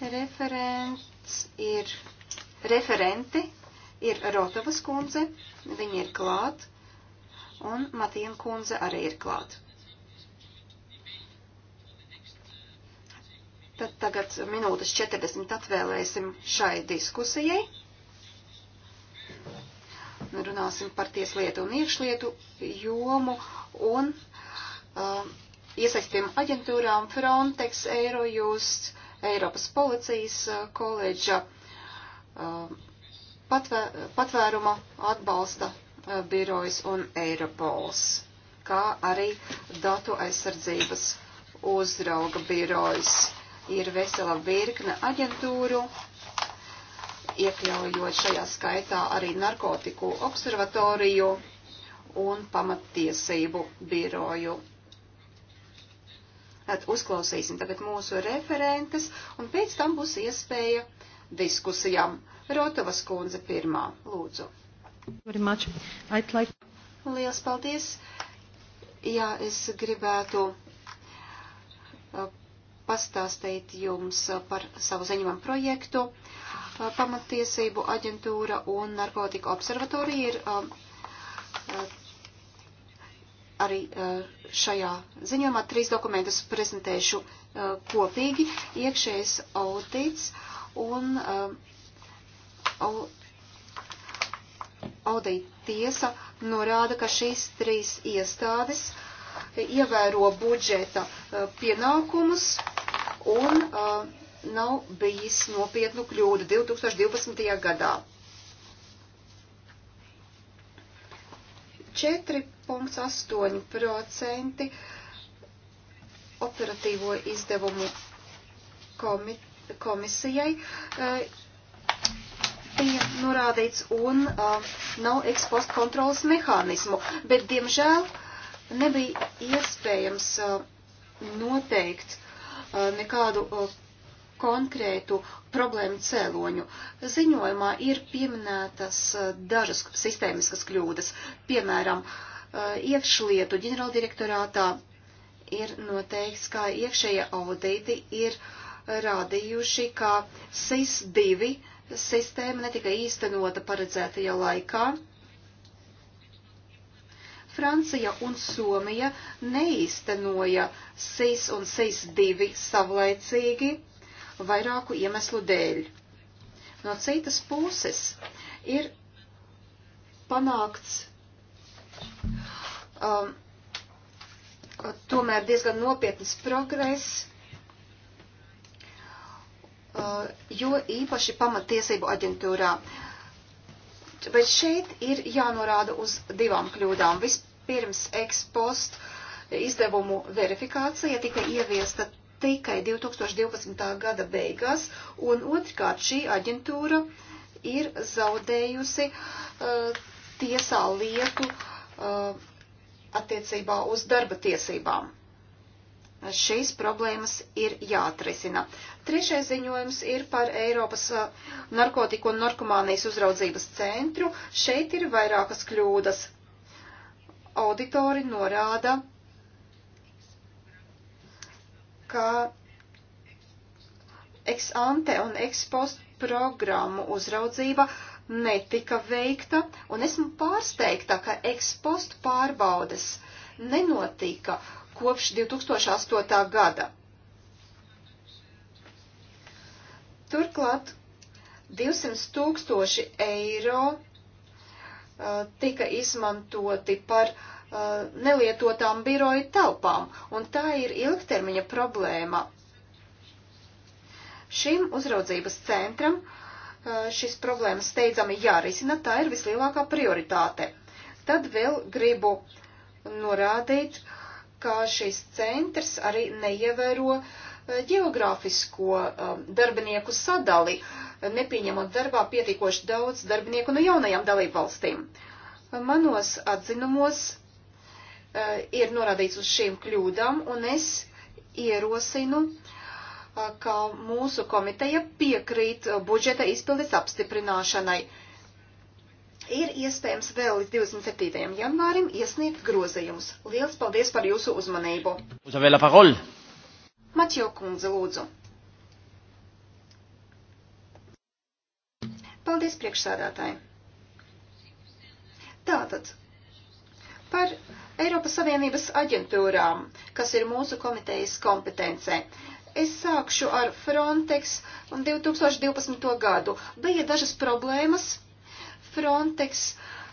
Referents ir, referenti ir Rotovas kundze, viņa ir klāt, un Matija kundze arī ir klāt. Tad tagad minūtes 40 atvēlēsim šai diskusijai. Nu, runāsim par tieslietu un iekšlietu jomu un um, uh, iesaistījumu aģentūrām Frontex, Eurojust, Eiropas policijas uh, koledža, uh, patvē, patvēruma atbalsta uh, birojas un Eiropols, kā arī datu aizsardzības uzrauga birojas. Ir vesela virkne aģentūru, iekļaujot šajā skaitā arī narkotiku observatoriju un pamattiesību biroju Tad uzklausīsim tagad mūsu referentes, un pēc tam būs iespēja diskusijām. Rotovas kundze pirmā, lūdzu. Like... Lielas paldies. Jā, es gribētu uh, pastāstīt jums uh, par savu ziņojumu projektu. Uh, pamatiesību aģentūra un narkotika observatorija ir arī eh, šajā ziņojumā trīs dokumentus prezentēšu eh, kopīgi. Iekšējais audits un eh, audita tiesa norāda, ka šīs trīs iestādes ievēro budžeta pienākumus un nav bijis nopietnu kļūdu 2012. gadā. 4,8% operatīvo izdevumu komi komisijai eh, bija norādīts un eh, nav ekspost kontrolas mehānismu, bet diemžēl nebija iespējams eh, noteikt nekādu konkrētu problēmu cēloņu. Ziņojumā ir pieminētas eh, dažas sistēmiskas kļūdas. Piemēram, eh, iekšlietu ģenerāldirektorātā ir noteikts, ka iekšējie audīti ir rādījuši, ka SIS-2 sistēma netika īstenota paredzētajā laikā. Francija un Somija neīstenoja SIS un SIS-2 savlaicīgi vairāku iemeslu dēļ. No citas puses ir panākts um, tomēr diezgan nopietnas progress, uh, jo īpaši pamatiesību aģentūrā. Bet šeit ir jānorāda uz divām kļūdām. Vispirms ekspost izdevumu verifikācija tika ieviesta tikai 2012. gada beigās, un otrkārt šī aģentūra ir zaudējusi uh, tiesā lietu uh, attiecībā uz darba tiesībām. Šīs problēmas ir jāatrisina. Trešais ziņojums ir par Eiropas uh, narkotiku un narkomānijas uzraudzības centru. Šeit ir vairākas kļūdas. Auditori norāda, ka ex ante un ex post programmu uzraudzība netika veikta, un esmu pārsteigta, ka ex post pārbaudas nenotika kopš 2008. gada. Turklāt 200 tūkstoši eiro uh, tika izmantoti par uh, Uh, nelietotām biroja telpām, un tā ir ilgtermiņa problēma. Šim uzraudzības centram uh, šis problēmas steidzami jārisina, tā ir vislielākā prioritāte. Tad vēl gribu norādīt, ka šis centrs arī neievēro uh, geogrāfisko um, darbinieku sadali, nepieņemot darbā pietiekoši daudz darbinieku no jaunajām dalībvalstīm. Manos atzinumos Eh, ir norādīts uz šīm kļūdām, un es ierosinu, eh, ka mūsu komiteja piekrīt eh, budžeta izpildes apstiprināšanai. Ir iespējams vēl līdz 27. janvārim iesniegt grozījumus. Lielas paldies par jūsu uzmanību. Matjo kundze, lūdzu. Paldies priekšsādātāji. Tātad, par Eiropas Savienības aģentūrām, kas ir mūsu komitejas kompetencē. Es sākšu ar Frontex un 2012. gadu. Bija dažas problēmas. Frontex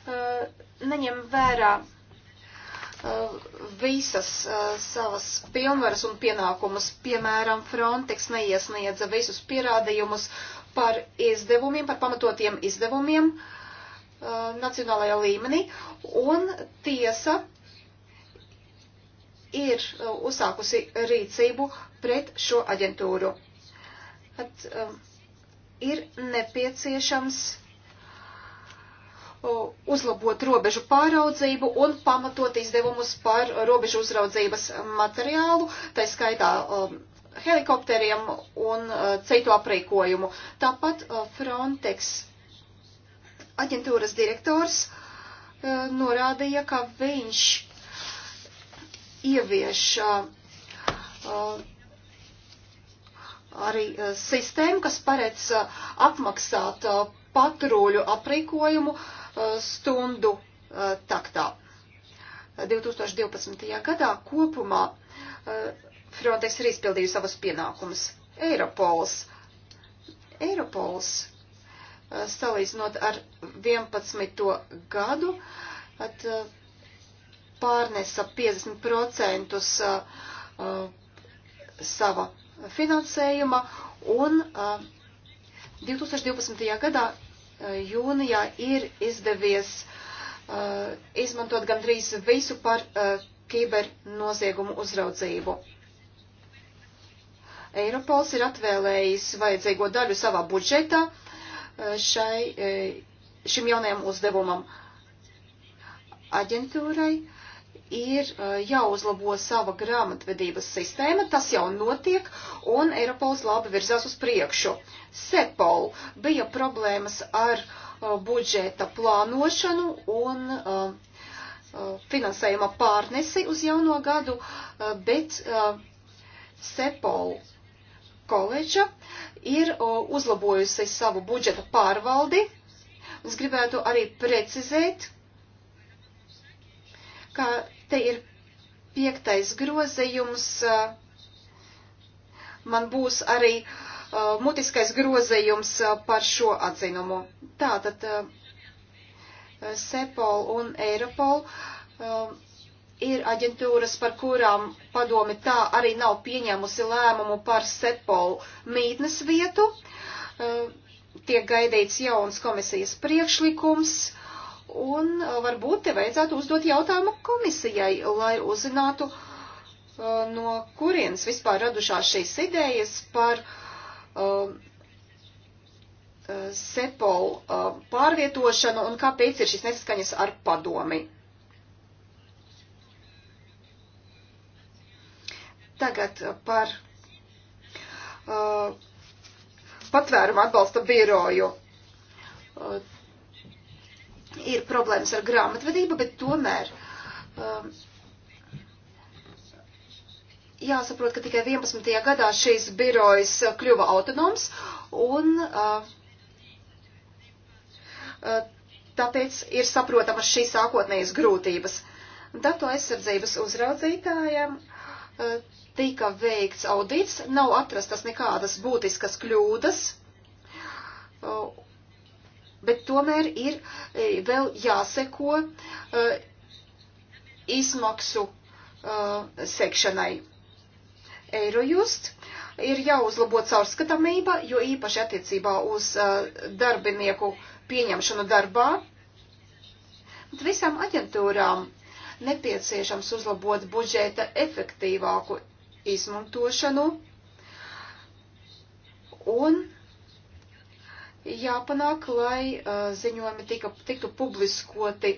uh, neņem vērā uh, visas uh, savas pilnvaras un pienākumus. Piemēram, Frontex neiesniedza visus pierādījumus par izdevumiem, par pamatotiem izdevumiem uh, nacionālajā līmenī, un tiesa ir uh, uzsākusi rīcību pret šo aģentūru. At, um, ir nepieciešams uh, uzlabot robežu pāraudzību un pamatot izdevumus par robežu uzraudzības materiālu, tā skaitā um, helikopteriem un uh, citu aprīkojumu. Tāpat uh, Frontex aģentūras direktors uh, norādīja, ka viņš ievieš uh, uh, arī uh, sistēma, kas paredz apmaksāt patruļu aprīkojumu stundu taktā. 2012. gadā kopumā Frontex ir izpildījusi savus pienākumus. Eiropols. Eiropols salīdzinot ar 11. gadu, at, uh, pārnesa 50% uh, uh, sava finansējuma un 2012. Uh, gadā jūnijā ir izdevies izmantot gandrīz visu par kibernoziegumu uzraudzību. Eiropols ir atvēlējis vajadzīgo daļu savā budžetā šai, šim jaunajam uzdevumam aģentūrai ir jāuzlabo sava grāmatvedības sistēma, tas jau notiek, un Eiropols labi virzās uz priekšu. Sepol bija problēmas ar uh, budžeta plānošanu un uh, finansējuma pārnesi uz jauno gadu, uh, bet Sepol koledža ir uzlabojusi savu budžeta pārvaldi. Es gribētu arī precizēt, ka Te ir piektais grozījums. Man būs arī mutiskais grozījums par šo atzinumu. Tātad Sepol un Eiropol ir aģentūras, par kurām padomi tā arī nav pieņēmusi lēmumu par Sepol mītnes vietu. Tiek gaidīts jauns komisijas priekšlikums Un varbūt te vajadzētu uzdot jautājumu komisijai, lai uzzinātu, uh, no kurienes vispār radušās šīs idejas par um, uh, sepolu um, uh, pārvietošanu un kāpēc ir šis nesaskaņas ar padomi. Tagad par uh, patvērumu atbalsta biroju. Uh, ir problēmas ar grāmatvedību, bet tomēr um, jāsaprot, ka tikai 11. gadā šīs birojas uh, kļuva autonoms un uh, uh, tāpēc ir saprotamas šīs sākotnējas grūtības. Datu aizsardzības uzraudzītājiem uh, tika veikts audits, nav atrastas nekādas būtiskas kļūdas. Uh, bet tomēr ir e, vēl jāseko e, izmaksu e, sekšanai. Eirojust ir jāuzlabo caurskatāmība, jo īpaši attiecībā uz darbinieku pieņemšanu darbā. Bet visām aģentūrām nepieciešams uzlabot budžeta efektīvāku izmantošanu un jāpanāk, lai uh, ziņojumi tika, tiktu publiskoti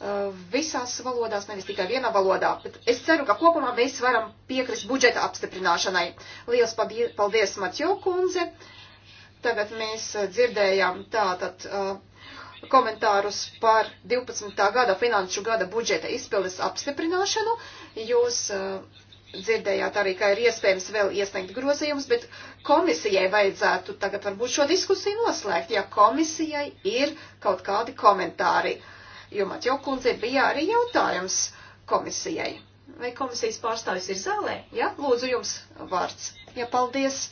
uh, visās valodās, nevis tikai vienā valodā. Bet es ceru, ka kopumā mēs varam piekrist budžeta apstiprināšanai. Lielas paldies, paldies Matjo kundze. Tagad mēs uh, dzirdējām tātad uh, komentārus par 12. gada finanšu gada budžeta izpildes apstiprināšanu. Jūs uh, dzirdējāt arī, ka ir iespējams vēl iesniegt grozījumus, bet komisijai vajadzētu tagad varbūt šo diskusiju noslēgt, ja komisijai ir kaut kādi komentāri. Jo Matjo kundze bija arī jautājums komisijai. Vai komisijas pārstāvis ir zālē? Jā, ja? lūdzu jums vārds. Jā, ja, paldies.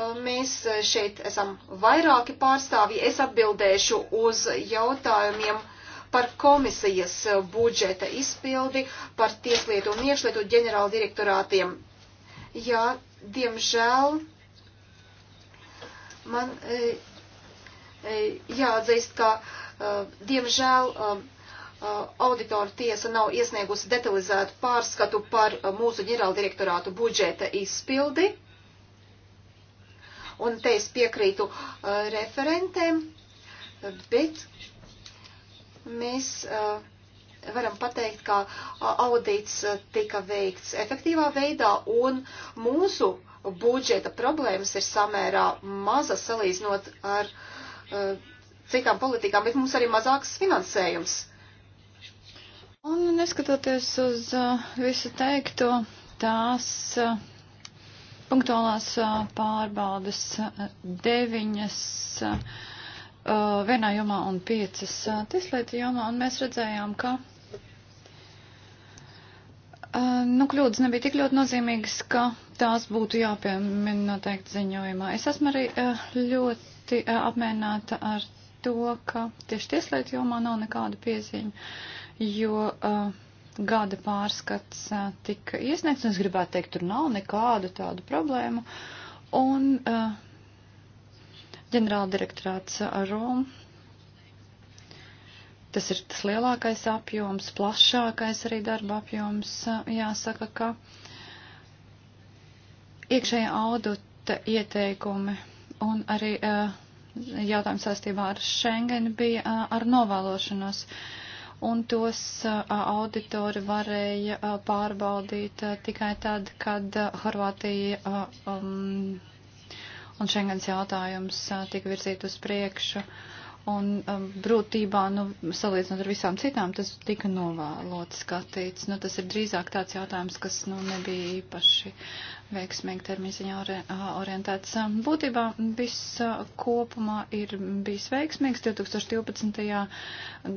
Uh, mēs uh, šeit esam vairāki pārstāvji. Es atbildēšu uz jautājumiem par komisijas eh, budžeta izpildi, par tieslietu un iekšlietu ģenerāla direktorātiem. Jā, diemžēl man e, e, jāatzīst, ka e, diemžēl e, auditoru tiesa nav iesniegusi detalizētu pārskatu par mūsu ģenerāldirektorātu budžeta izpildi. Un te es piekrītu uh, referentēm, bet mēs eh, varam pateikt, ka audīts eh, tika veikts efektīvā veidā un mūsu budžeta problēmas ir samērā maza salīdzinot ar eh, citām politikām, bet mums arī mazāks finansējums. Un neskatoties uz visu teikto, tās punktuālās pārbaudas deviņas. Uh, uh, vienā jomā un piecas uh, tieslietu jomā, un mēs redzējām, ka uh, nu, kļūdas nebija tik ļoti nozīmīgas, ka tās būtu jāpiemina noteikti ziņojumā. Es esmu arī uh, ļoti uh, apmierināta ar to, ka tieši tieslietu jomā nav nekādu pieziņu, jo. Uh, gada pārskats uh, tika iesniegts, un es gribētu teikt, tur nav nekādu tādu problēmu. Un uh, ģenerāldirektorāts Roma. Tas ir tas lielākais apjoms, plašākais arī darba apjoms. Jāsaka, ka iekšējā audita ieteikumi un arī eh, jautājums saistībā ar Schengen bija eh, ar novēlošanos. Un tos eh, auditori varēja pārbaudīt tikai tad, kad Horvātija um, un Schengens jautājums tika virzīt uz priekšu. Un brūtībā, nu, salīdzinot ar visām citām, tas tika novēlot skatīts. Nu, tas ir drīzāk tāds jautājums, kas, nu, nebija īpaši veiksmīgi termiņa orientēts. Būtībā viss kopumā ir bijis veiksmīgs. 2012.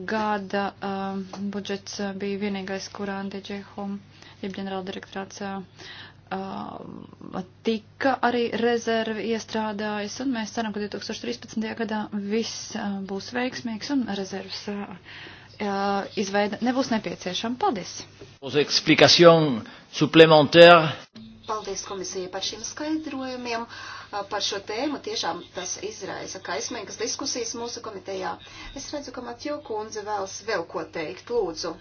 gada uh, budžets bija vienīgais, kurā DJHOM, jeb ģenerāldirektorāts, uh, Um, tika arī rezervi iestrādājas, un mēs ceram, ka 2013. gadā viss uh, būs veiksmīgs un rezervs uh, uh, izveida nebūs nepieciešama. Paldies! Paldies komisijai par šiem skaidrojumiem, par šo tēmu. Tiešām tas izraisa kaismīgas diskusijas mūsu komitejā. Es redzu, ka Matjo kundze vēlas vēl ko teikt. Lūdzu.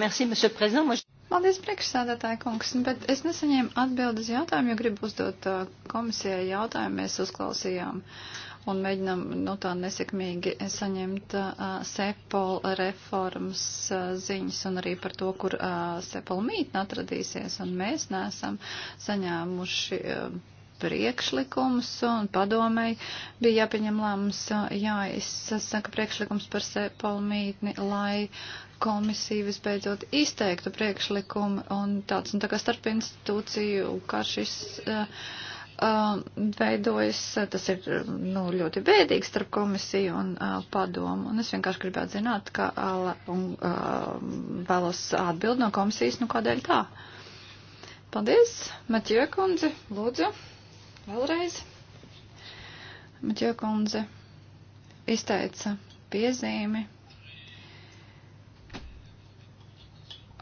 Merci, monsieur président. Paldies, priekšsādātāja kungs, bet es nesaņēmu atbildes jautājumu, jo gribu uzdot uh, komisijai jautājumu. Mēs uzklausījām un mēģinām nu, tā nesekmīgi saņemt uh, sepol reformas uh, ziņas un arī par to, kur uh, sepol mītne atradīsies. Un mēs neesam saņēmuši. Uh, priekšlikums un padomēji bija jāpieņem lēmums, uh, jāizsaka priekšlikums par sepolmītni, lai komisija visbeidzot izteiktu priekšlikumu un tāds, nu, tā kā starp institūciju karš šis uh, uh, veidojas, tas ir, nu, ļoti bēdīgi starp komisiju un uh, padomu. Un es vienkārši gribētu zināt, ka un, uh, vēlos atbild no komisijas, nu, kādēļ tā. Paldies, Matjē kundze, lūdzu, vēlreiz. Matjē kundze izteica piezīmi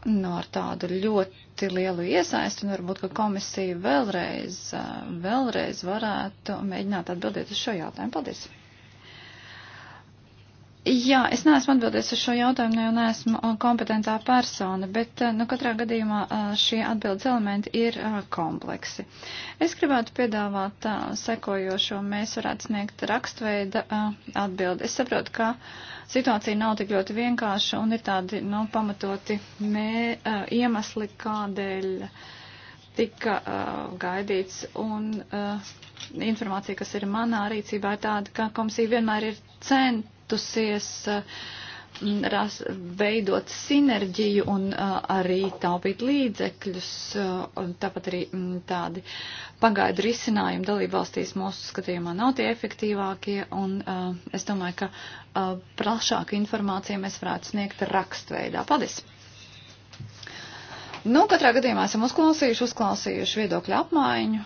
nu, ar tādu ļoti lielu iesaistu, un varbūt, ka komisija vēlreiz, vēlreiz varētu mēģināt atbildēt uz šo jautājumu. Paldies! Jā, es neesmu atbildējis uz šo jautājumu, jo neesmu uh, kompetentā persona, bet, uh, nu, katrā gadījumā uh, šie atbildes elementi ir kompleksi. Es gribētu piedāvāt sekojošo, mēs varētu sniegt rakstveida atbildi. Es saprotu, ka situācija nav tik ļoti vienkārša un ir tādi, nu, pamatoti mē, iemesli, kādēļ tika uh, gaidīts. Un uh, informācija, kas ir manā rīcībā, ir tāda, ka komisija vienmēr ir cent centusies eh, ras, veidot sinerģiju un eh, arī taupīt līdzekļus, eh, un tāpat arī mm, tādi pagaidu risinājumi dalību valstīs mūsu skatījumā nav tie efektīvākie, un es domāju, ka plašāku informāciju mēs varētu sniegt rakstveidā. Paldies! Nu, katrā gadījumā esam uzklausījuši, uzklausījuši viedokļu apmaiņu.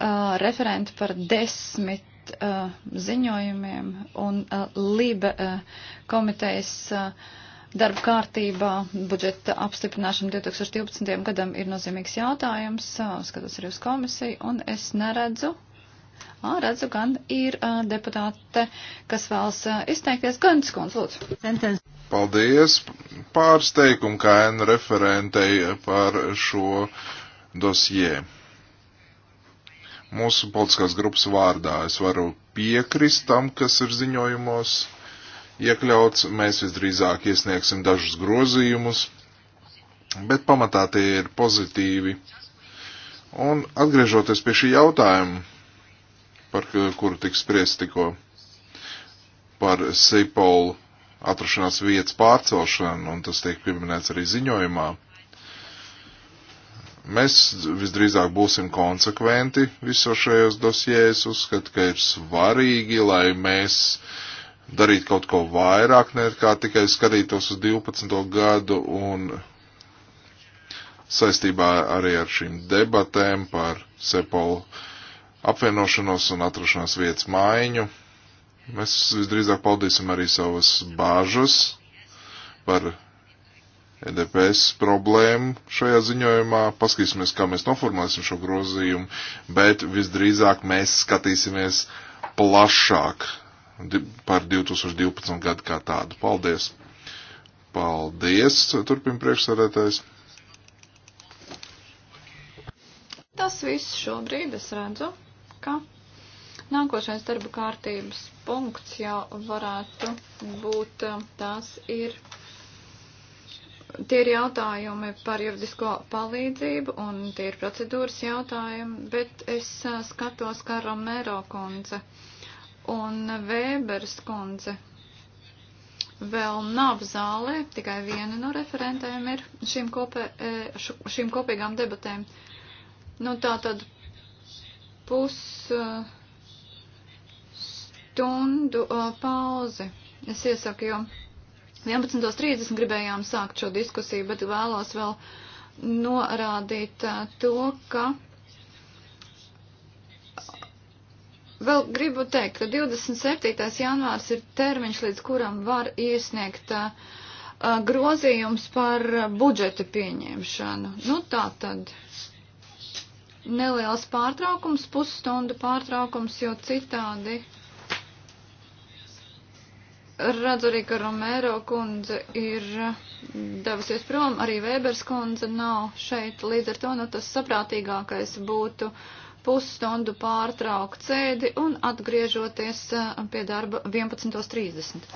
Uh, referenti par desmit pret uh, ziņojumiem un uh, LIBE uh, komitejas uh, darba kārtībā budžeta apstiprināšana 2012. gadam ir nozīmīgs jautājums, uh, skatos arī uz komisiju, un es neredzu. Ā, redzu, gan ir uh, deputāte, kas vēlas uh, izteikties. Gan skundz, lūdzu. Sentence. Paldies pārsteigumu KN referentei par šo dosjē mūsu politiskās grupas vārdā. Es varu piekrist tam, kas ir ziņojumos iekļauts. Mēs visdrīzāk iesniegsim dažus grozījumus, bet pamatā tie ir pozitīvi. Un atgriežoties pie šī jautājuma, par kuru tiks spriest tikko, par Seipolu atrašanās vietas pārcelšanu, un tas tiek pieminēts arī ziņojumā Mēs visdrīzāk būsim konsekventi visos šajos dosijēs, uzskat, ka ir svarīgi, lai mēs darītu kaut ko vairāk, nekā tikai skatītos uz 12. gadu un saistībā arī ar šīm debatēm par sepolu apvienošanos un atrašanās vietas maiņu. Mēs visdrīzāk paldīsim arī savas bāžas par EDPS problēmu šajā ziņojumā. Paskatīsimies, kā mēs noformulēsim šo grozījumu, bet visdrīzāk mēs skatīsimies plašāk par 2012. gadu kā tādu. Paldies! Paldies! Turpin priekšsēdētājs. Tas viss šobrīd es redzu, ka nākošais darba kārtības punkts jau varētu būt tās ir Tie ir jautājumi par juridisko palīdzību un tie ir procedūras jautājumi, bet es skatos, kā Romero kundze un Vēbers kundze vēl nav zālē, tikai viena no referentēm ir šīm, kopē, šīm kopīgām debatēm. Nu, tā tad pus stundu pauzi. Es iesaku, jo 11.30 gribējām sākt šo diskusiju, bet vēlos vēl norādīt eh, to, ka vēl gribu teikt, ka 27. janvārs ir termiņš, līdz kuram var iesniegt eh, grozījums par budžeta pieņemšanu. Nu tā tad neliels pārtraukums, pusstundu pārtraukums, jo citādi Redzu arī, ka Romēro kundze ir mm, devusies prom, arī Vēbers kundze nav šeit, līdz ar to nu, tas saprātīgākais būtu pusstundu pārtraukt sēdi un atgriežoties eh, pie darba 11.30.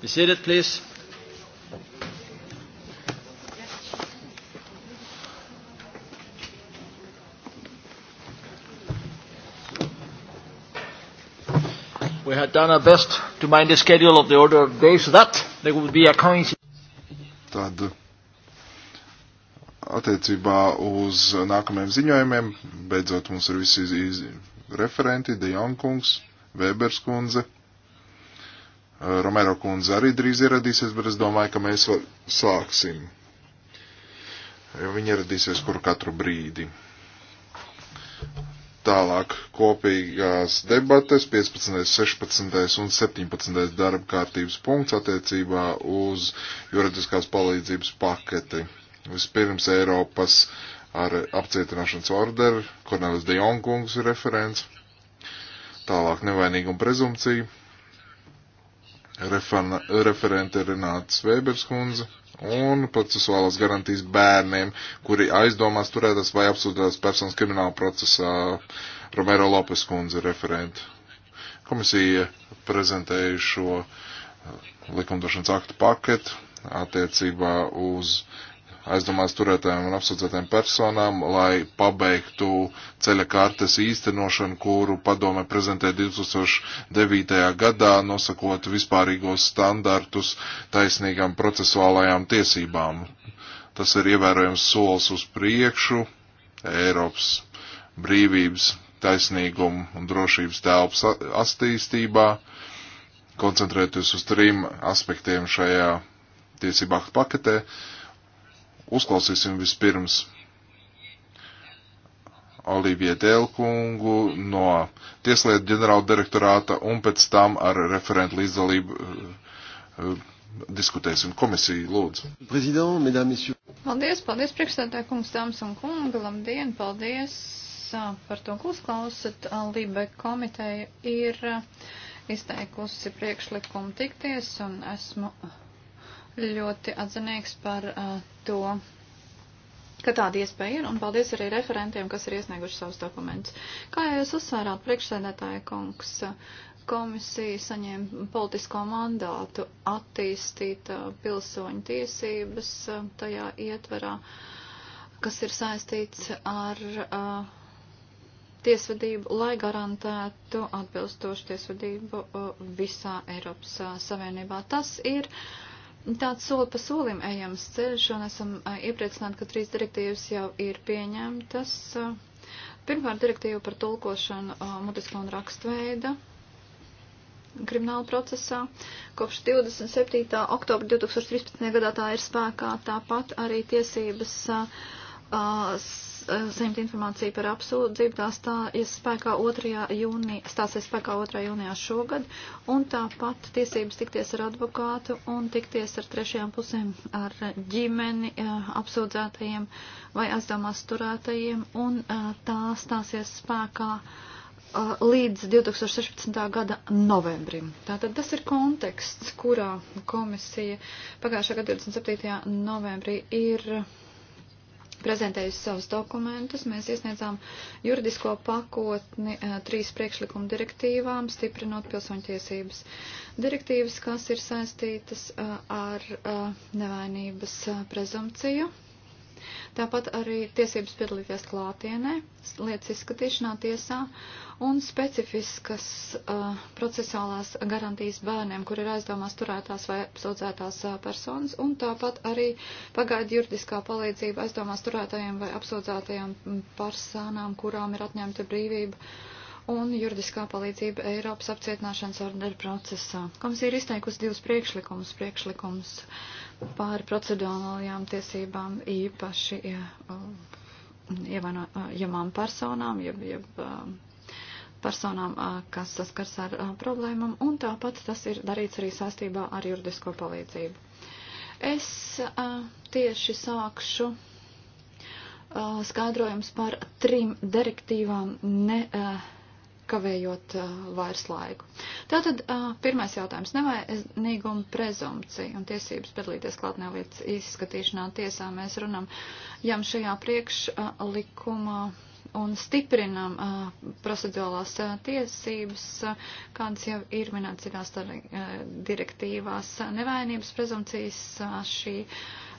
Be seated, please. We had done our best to mind the schedule of the order of day so that there would be a coincidence. Tad attiecībā uz nākamajiem ziņojumiem, beidzot mums ir visi iz, iz, referenti, De Jong kungs, Weberskundze. kundze. Eh, Romero kundze arī drīz ieradīsies, bet es domāju, ka mēs var, sāksim. Jo viņi ieradīsies kur katru brīdi. Tālāk kopīgās debates 15., 16. un 17. darba kārtības punkts attiecībā uz juridiskās palīdzības paketi. Vispirms Eiropas ar apcietināšanas orderu, Kornelis de Jongungs ir referents, tālāk nevainīguma prezumcija, Refana, referente Renātas Vēbers kundze un procesuālās garantijas bērniem, kuri aizdomās turētas vai apsūdzētas personas krimināla procesā Romero Lopes kundze referente. Komisija prezentēja šo uh, likumdošanas aktu paketu attiecībā uz uh, aizdomās turētājiem un apsūdzētājiem personām, lai pabeigtu ceļa kartes īstenošanu, kuru padome prezentē 2009. gadā, nosakot vispārīgos standartus taisnīgām procesuālajām tiesībām. Tas ir ievērojams solis uz priekšu Eiropas brīvības, taisnīguma un drošības telpas attīstībā koncentrēties uz trim aspektiem šajā tiesību aktu paketē. Uzklausīsim vispirms Olivie Dēlkungu no Tieslietu ģenerāla direktorāta un pēc tam ar referentu līdzdalību uh, diskutēsim komisiju, lūdzu. Paldies, paldies, priekšstādātāji kungs, dāmas un kungi, labdien, paldies par to, ka uzklausat. Libe komiteja ir izteikusi priekšlikumu tikties un esmu ļoti atzinīgs par uh, to, ka tāda iespēja ir, un paldies arī referentiem, kas ir iesnieguši savus dokumentus. Kā jūs uzsvērāt, priekšsēdētāja kungs, komisija saņēma politisko mandātu attīstīt uh, pilsoņu tiesības uh, tajā ietverā, kas ir saistīts ar uh, tiesvedību, lai garantētu atbilstošu tiesvedību uh, visā Eiropas uh, Savienībā. Tas ir uh, tāds soli pa solim ejams ceļš, un esam iepriecināti, ka trīs direktīvas jau ir pieņemtas. Pirmkārt, direktīva par tulkošanu mutiskā un rakstveida krimināla procesā. Kopš 27. oktobra 2013. gadā tā ir spēkā tāpat arī tiesības. Uh, saņemt informāciju par apsūdzību. Tā stāsies spēkā 2. jūnijā, stāsies spēkā 2. jūnijā šogad, un tāpat tiesības tikties ar advokātu un tikties ar trešajām pusēm, ar ģimeni eh, apsūdzētajiem vai aizdomās turētajiem, un eh, tā stāsies spēkā eh, līdz 2016. gada novembrim. Tātad tas ir konteksts, kurā komisija pagājušā gada 27. novembrī ir prezentējusi savus dokumentus. Mēs iesniedzām juridisko pakotni eh, trīs priekšlikumu direktīvām, stiprinot pilsoņtiesības direktīvas, kas ir saistītas eh, ar eh, nevainības prezumciju tāpat arī tiesības piedalīties klātienē, lietas izskatīšanā tiesā un specifiskas uh, procesālās garantijas bērniem, kur ir aizdomās turētās vai apsūdzētās uh, personas, un tāpat arī pagaidu juridiskā palīdzība aizdomās turētājiem vai apsūdzētajām mm, personām, kurām ir atņemta brīvība. Un juridiskā palīdzība Eiropas apcietināšanas ordera procesā. Komisija ir izteikusi divus priekšlikumus. Priekšlikums, priekšlikums pār procedurālajām tiesībām īpaši um, ievainojamām personām, jeb, jeb um, personām, uh, kas saskars ar uh, problēmām, un tāpat tas ir darīts arī saistībā ar juridisko palīdzību. Es uh, tieši sākšu skaidrojums par trim direktīvām ne. A, kavējot uh, vairs laiku. Tātad uh, pirmais jautājums - nevainīguma prezumcija un tiesības piedalīties klātnē lietas izskatīšanā tiesā. Mēs runam jām šajā priekšlikumā. Uh, un stiprinam uh, eh, procedūrālās uh, tiesības, uh, kādas jau ir minētas citās uh, direktīvās. Nevainības prezumcijas uh, šī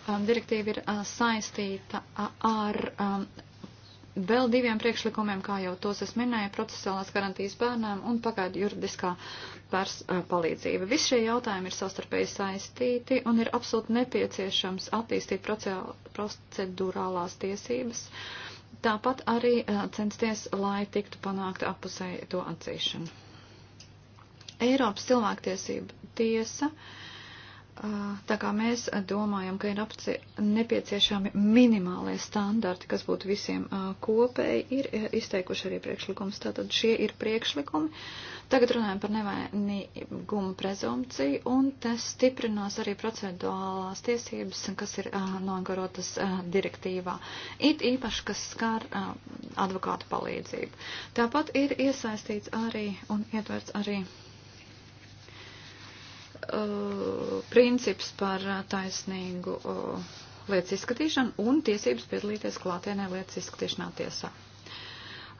um, direktīva ir uh, saistīta uh, ar um, vēl diviem priekšlikumiem, kā jau tos es minēju, procesuālās garantijas bērnām un pagaidu juridiskā pers palīdzība. Visi šie jautājumi ir sastarpēji saistīti un ir absolūti nepieciešams attīstīt procedurālās tiesības, tāpat arī censties, lai tiktu panākta apusēja to atzīšana. Eiropas cilvēktiesība tiesa. Uh, tā kā mēs domājam, ka ir apci, nepieciešami minimālie standarti, kas būtu visiem kopēji, ir izteikuši arī priekšlikums. Tātad šie ir priekšlikumi. Tagad runājam par nevainīgumu prezumciju, un tas stiprinās arī proceduālās tiesības, kas ir nogarotas direktīvā. It īpaši, kas skar advokātu palīdzību. Tāpat ir iesaistīts arī un ietverts arī uh, princips par uh, taisnīgu uh, lietas izskatīšanu un tiesības piedalīties klātienē lietas izskatīšanā tiesā.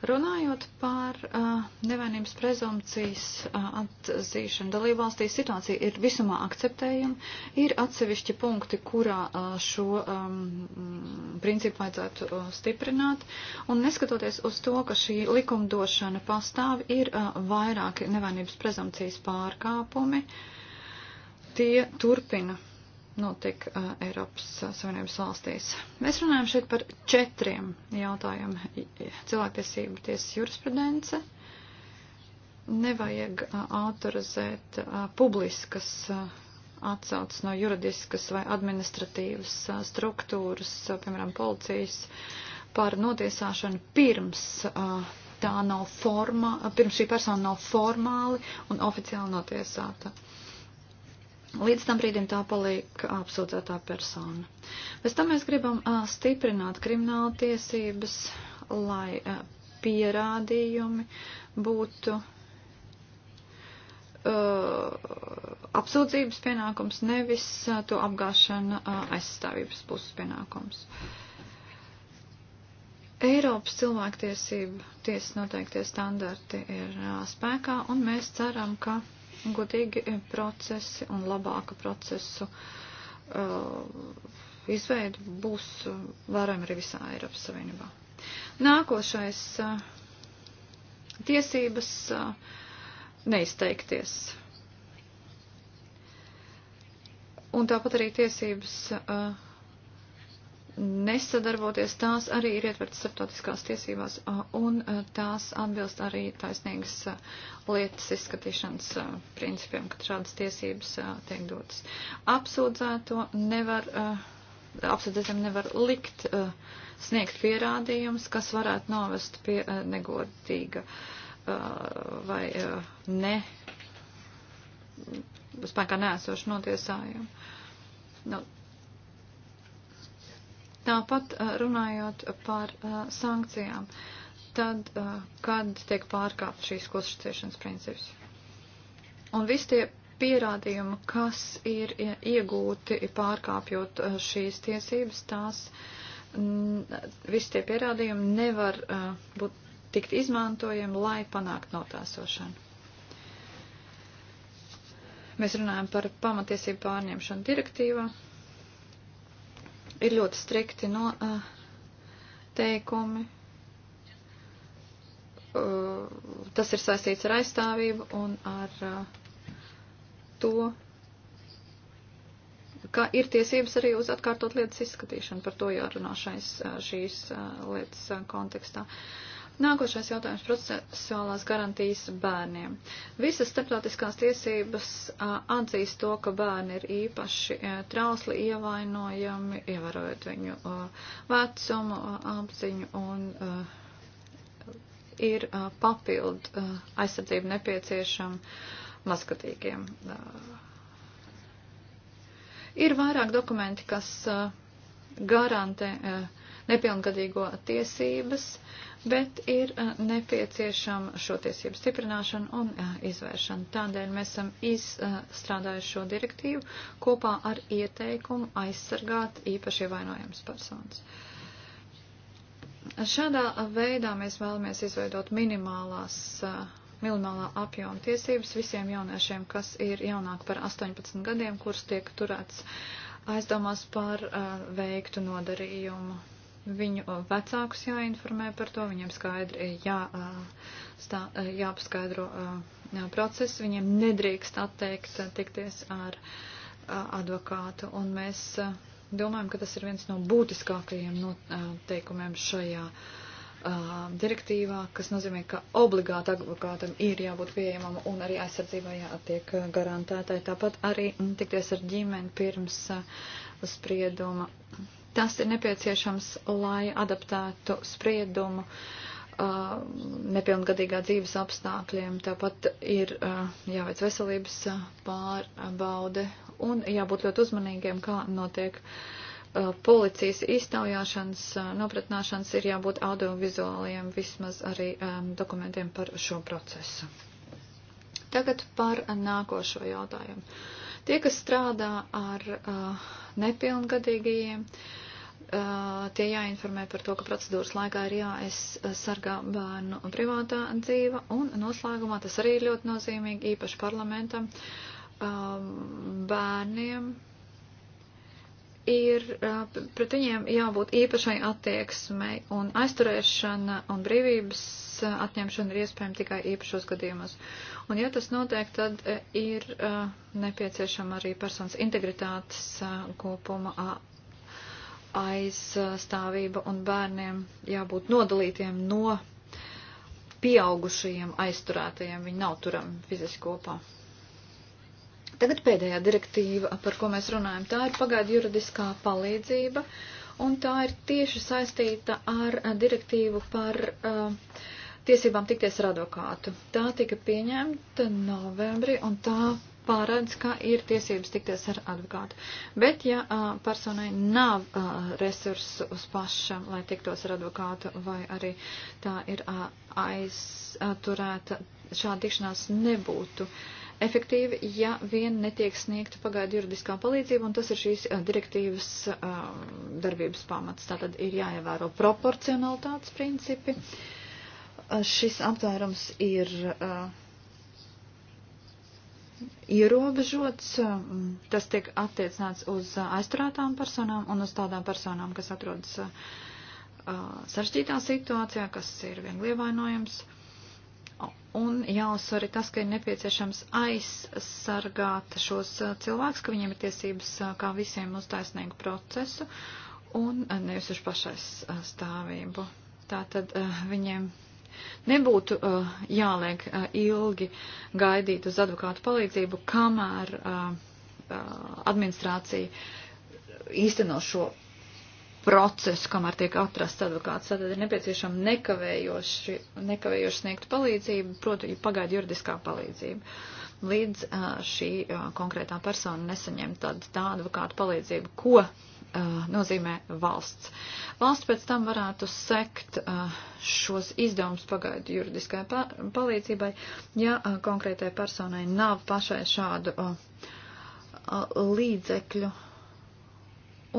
Runājot par uh, nevainības prezumcijas uh, atzīšanu dalībvalstīs, situācija ir visumā akceptējama. Ir atsevišķi punkti, kurā uh, šo um, principu vajadzētu uh, stiprināt. Un neskatoties uz to, ka šī likumdošana pastāv, ir uh, vairāki nevainības prezumcijas pārkāpumi. Uh, tie turpina notiek uh, Eiropas uh, Savienības valstīs. Mēs runājam šeit par četriem jautājumiem. Cilvēktiesība tiesas jurisprudence. Nevajag uh, autorizēt uh, publiskas uh, atsaucas no juridiskas vai administratīvas uh, struktūras, uh, piemēram, policijas, par notiesāšanu pirms uh, tā nav formā, pirms šī persona nav formāli un oficiāli notiesāta. Uh, Līdz tam brīdim tā paliek apsūdzētā persona. Pēc tam mēs gribam a, stiprināt krimināla tiesības, lai a, pierādījumi būtu a, apsūdzības pienākums, nevis a, to apgāšana a, aizstāvības puses pienākums. Eiropas cilvēktiesību tiesas noteiktie standarti ir a, spēkā, un mēs ceram, ka godīgi procesi un labāka procesu uh, izveida būs uh, vērojama arī visā Eiropas Savienībā. Nākošais uh, tiesības uh, neizteikties. Un tāpat arī tiesības uh, nesadarboties, tās arī ir ietvertas starptautiskās tiesībās un tās atbilst arī taisnīgas lietas izskatīšanas principiem, ka šādas tiesības tiek dotas. Apsūdzēto nevar, apsūdzētiem nevar likt sniegt pierādījums, kas varētu novest pie negodīga vai ne spēkā nēsošu notiesājumu. Nu, Tāpat runājot par sankcijām, tad, kad tiek pārkāpt šīs klusšķiešanas princips. Un visi tie pierādījumi, kas ir iegūti pārkāpjot šīs tiesības, tās visi tie pierādījumi nevar būt tikt izmantojami, lai panāktu notāsošanu. Mēs runājam par pamatiesību pārņemšanu direktīvā, ir ļoti strikti noteikumi. Eh, eh, tas ir saistīts ar aizstāvību un ar eh, to, ka ir tiesības arī uz atkārtot lietas izskatīšanu. Par to jārunā šais, šīs lietas kontekstā. Uh, Nākošais jautājums - procesuālās garantijas bērniem. Visas starptautiskās tiesības atzīst to, ka bērni ir īpaši trausli ievainojami, ievērojot viņu vecumu, apziņu un ir papildu aizsardzību nepieciešama mazskatīgiem. Ir vairāk dokumenti, kas garantē uh, nepilngadīgo tiesības, bet ir eh, nepieciešama šo tiesību stiprināšana un eh, izvēršana. Tādēļ mēs esam izstrādājuši eh, šo direktīvu kopā ar ieteikumu aizsargāt īpaši ievainojams personas. Šādā veidā mēs vēlamies izveidot minimālās minimālā apjoma tiesības visiem jauniešiem, kas ir jaunāk par 18 gadiem, kurus tiek turēts aizdomās par uh, veiktu nodarījumu. Viņu vecākus jāinformē par to, viņiem skaidri jā, stā, jāpaskaidro process, viņiem nedrīkst atteikt tikties ar advokātu. Un mēs domājam, ka tas ir viens no būtiskākajiem noteikumiem šajā direktīvā, kas nozīmē, ka obligāti advokātam ir jābūt pieejamam un arī aizsardzībai jātiek garantētai. Tāpat arī tikties ar ģimeni pirms sprieduma Tas ir nepieciešams, lai adaptētu spriedumu uh, nepilngadīgā dzīves apstākļiem. Tāpat ir uh, jāveic veselības uh, pārbaude un jābūt ļoti uzmanīgiem, kā notiek uh, policijas iztaujāšanas, uh, nopratnāšanas, ir jābūt audiovizuāliem vismaz arī um, dokumentiem par šo procesu. Tagad par nākošo jautājumu Tie, kas strādā ar uh, nepilngadīgajiem, uh, tie jāinformē par to, ka procedūras laikā ir jāaizsargā bērnu privātā dzīve, un noslēgumā tas arī ir ļoti nozīmīgi, īpaši parlamentam, um, bērniem ir uh, pret viņiem jābūt īpašai attieksmei, un aizturēšana un brīvības uh, atņemšana ir iespējama tikai īpašos gadījumos. Un ja tas notiek, tad e, ir e, nepieciešama arī personas integritātes e, kopuma aizstāvība un bērniem jābūt nodalītiem no pieaugušajiem aizturētajiem. Viņi nav turami fiziski kopā. Tagad pēdējā direktīva, par ko mēs runājam, tā ir pagaidu juridiskā palīdzība, un tā ir tieši saistīta ar direktīvu par uh, tiesībām tikties ar advokātu. Tā tika pieņemta novembrī un tā pārēdz, ka ir tiesības tikties ar advokātu. Bet, ja a, personai nav a, resursu uz pašam, lai tiktos ar advokātu, vai arī tā ir a, aizturēta, šāda tikšanās nebūtu efektīvi, ja vien netiek sniegta pagaidu juridiskā palīdzība, un tas ir šīs direktīvas a, darbības pamats. Tātad ir jāievēro proporcionalitātes principi. A, Uh, šis aptvērums ir uh, ierobežots. Um, tas tiek attiecināts uz uh, aizturētām personām un uz tādām personām, kas atrodas sarežģītā situācijā, kas ir viegli ievainojams. Un jāuzsver tas, ka ir nepieciešams aizsargāt šos cilvēkus, ka viņiem ir tiesības kā visiem uz taisnīgu procesu un nevis uz pašais stāvību. Tātad viņiem Nebūtu uh, jāliek uh, ilgi gaidīt uz advokātu palīdzību, kamēr uh, uh, administrācija īsteno šo procesu, kamēr tiek atrasts advokāts. Tātad ir nepieciešama nekavējoši, nekavējoši sniegt palīdzību, proti, pagaidu juridiskā palīdzība. Līdz šī konkrētā persona nesaņem tad tā advokāta palīdzība, ko uh, nozīmē valsts. Valsts pēc tam varētu sekt uh, šos izdevumus pagaidu juridiskai pa palīdzībai, ja uh, konkrētai personai nav pašai šādu uh, uh, līdzekļu.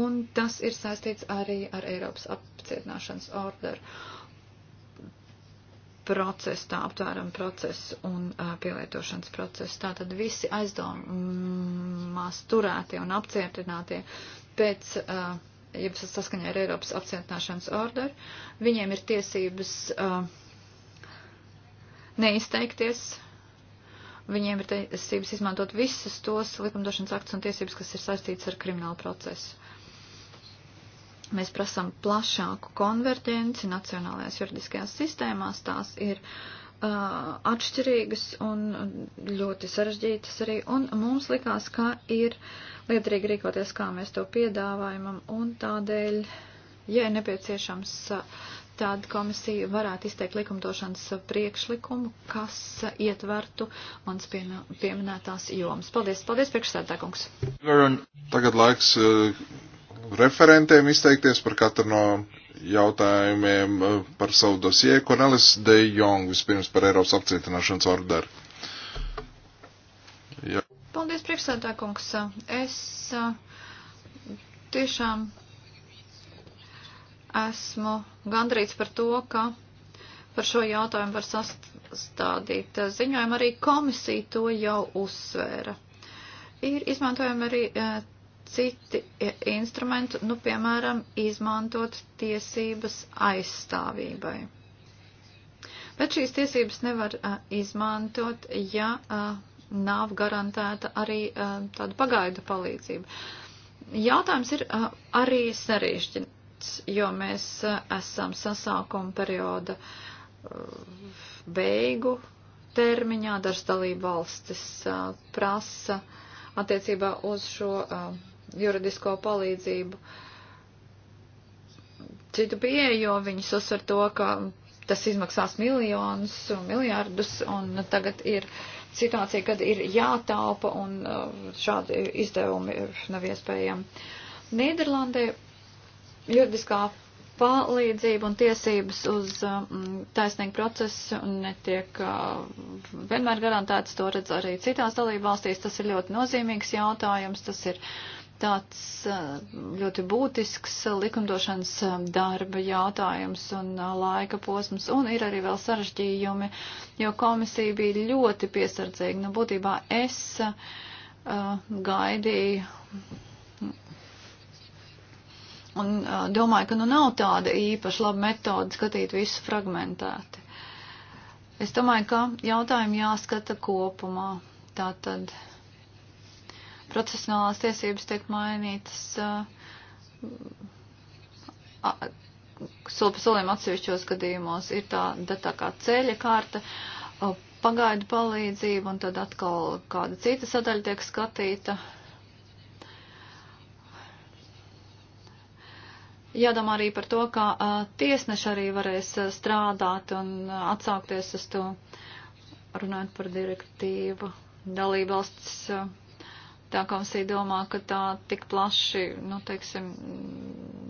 Un tas ir saistīts arī ar Eiropas apcietināšanas orderu procesu, tā aptvēram procesu un uh, pielietošanas procesu. Tātad visi aizdomās turētie un apcietinātie uh, pēc, ja saskaņā ar Eiropas apcietināšanas orderu, viņiem ir tiesības neizteikties, viņiem ir tiesības izmantot visus tos likumdošanas aktus un tiesības, kas ir saistīts ar kriminālu procesu. Mēs prasām plašāku konverģenci nacionālajās juridiskajās sistēmās, tās ir uh, atšķirīgas un ļoti sarežģītas arī, un mums likās, ka ir lietrīgi rīkoties, kā mēs to piedāvājam, un tādēļ, ja ir nepieciešams, tad komisija varētu izteikt likumdošanas priekšlikumu, kas ietvertu mans pieminētās jomas. Paldies, paldies, priekšsēdētākungs. Tagad laiks referentiem izteikties par katru no jautājumiem eh, par savu dosie. Kornelis De Jong vispirms par Eiropas apcietināšanas orderu. Ja. Paldies, priekšsēdā kungs. Es eh, tiešām esmu gandrīz par to, ka par šo jautājumu var sastādīt ziņojumu. Arī komisija to jau uzsvēra. Ir izmantojama arī eh, citi instrumenti, nu, piemēram, izmantot tiesības aizstāvībai. Bet šīs tiesības nevar uh, izmantot, ja uh, nav garantēta arī uh, tāda pagaidu palīdzība. Jautājums ir uh, arī sarežģīts, jo mēs uh, esam sasākuma perioda uh, beigu termiņā. Dažas dalība valstis uh, prasa attiecībā uz šo. Uh, juridisko palīdzību. Citu pieeja, jo viņas uzsver to, ka tas izmaksās miljonus, miljardus, un tagad ir situācija, kad ir jātaupa, un uh, šādi izdevumi nav iespējami. Nīderlandē juridiskā palīdzība un tiesības uz um, taisnīgu procesu netiek uh, vienmēr garantētas. To redz arī citās dalībvalstīs. Tas ir ļoti nozīmīgs jautājums. Tas ir tāds ļoti būtisks likumdošanas darba jautājums un laika posms, un ir arī vēl sarežģījumi, jo komisija bija ļoti piesardzīga. Nu, būtībā es uh, gaidīju un uh, domāju, ka nu nav tāda īpaši laba metode skatīt visu fragmentēti. Es domāju, ka jautājumi jāskata kopumā. Tātad. tad procesionālās tiesības tiek mainītas uh, soli pa solim atsevišķos gadījumos. Ir tāda tā kā ceļa kārta, uh, pagaidu palīdzība un tad atkal kāda cita sadaļa tiek skatīta. Jādomā arī par to, kā uh, tiesneši arī varēs uh, strādāt un uh, atsaukties uz to, runājot par direktīvu. Dalībvalsts uh, Tā komisija domā, ka tā tik plaši, nu, teiksim,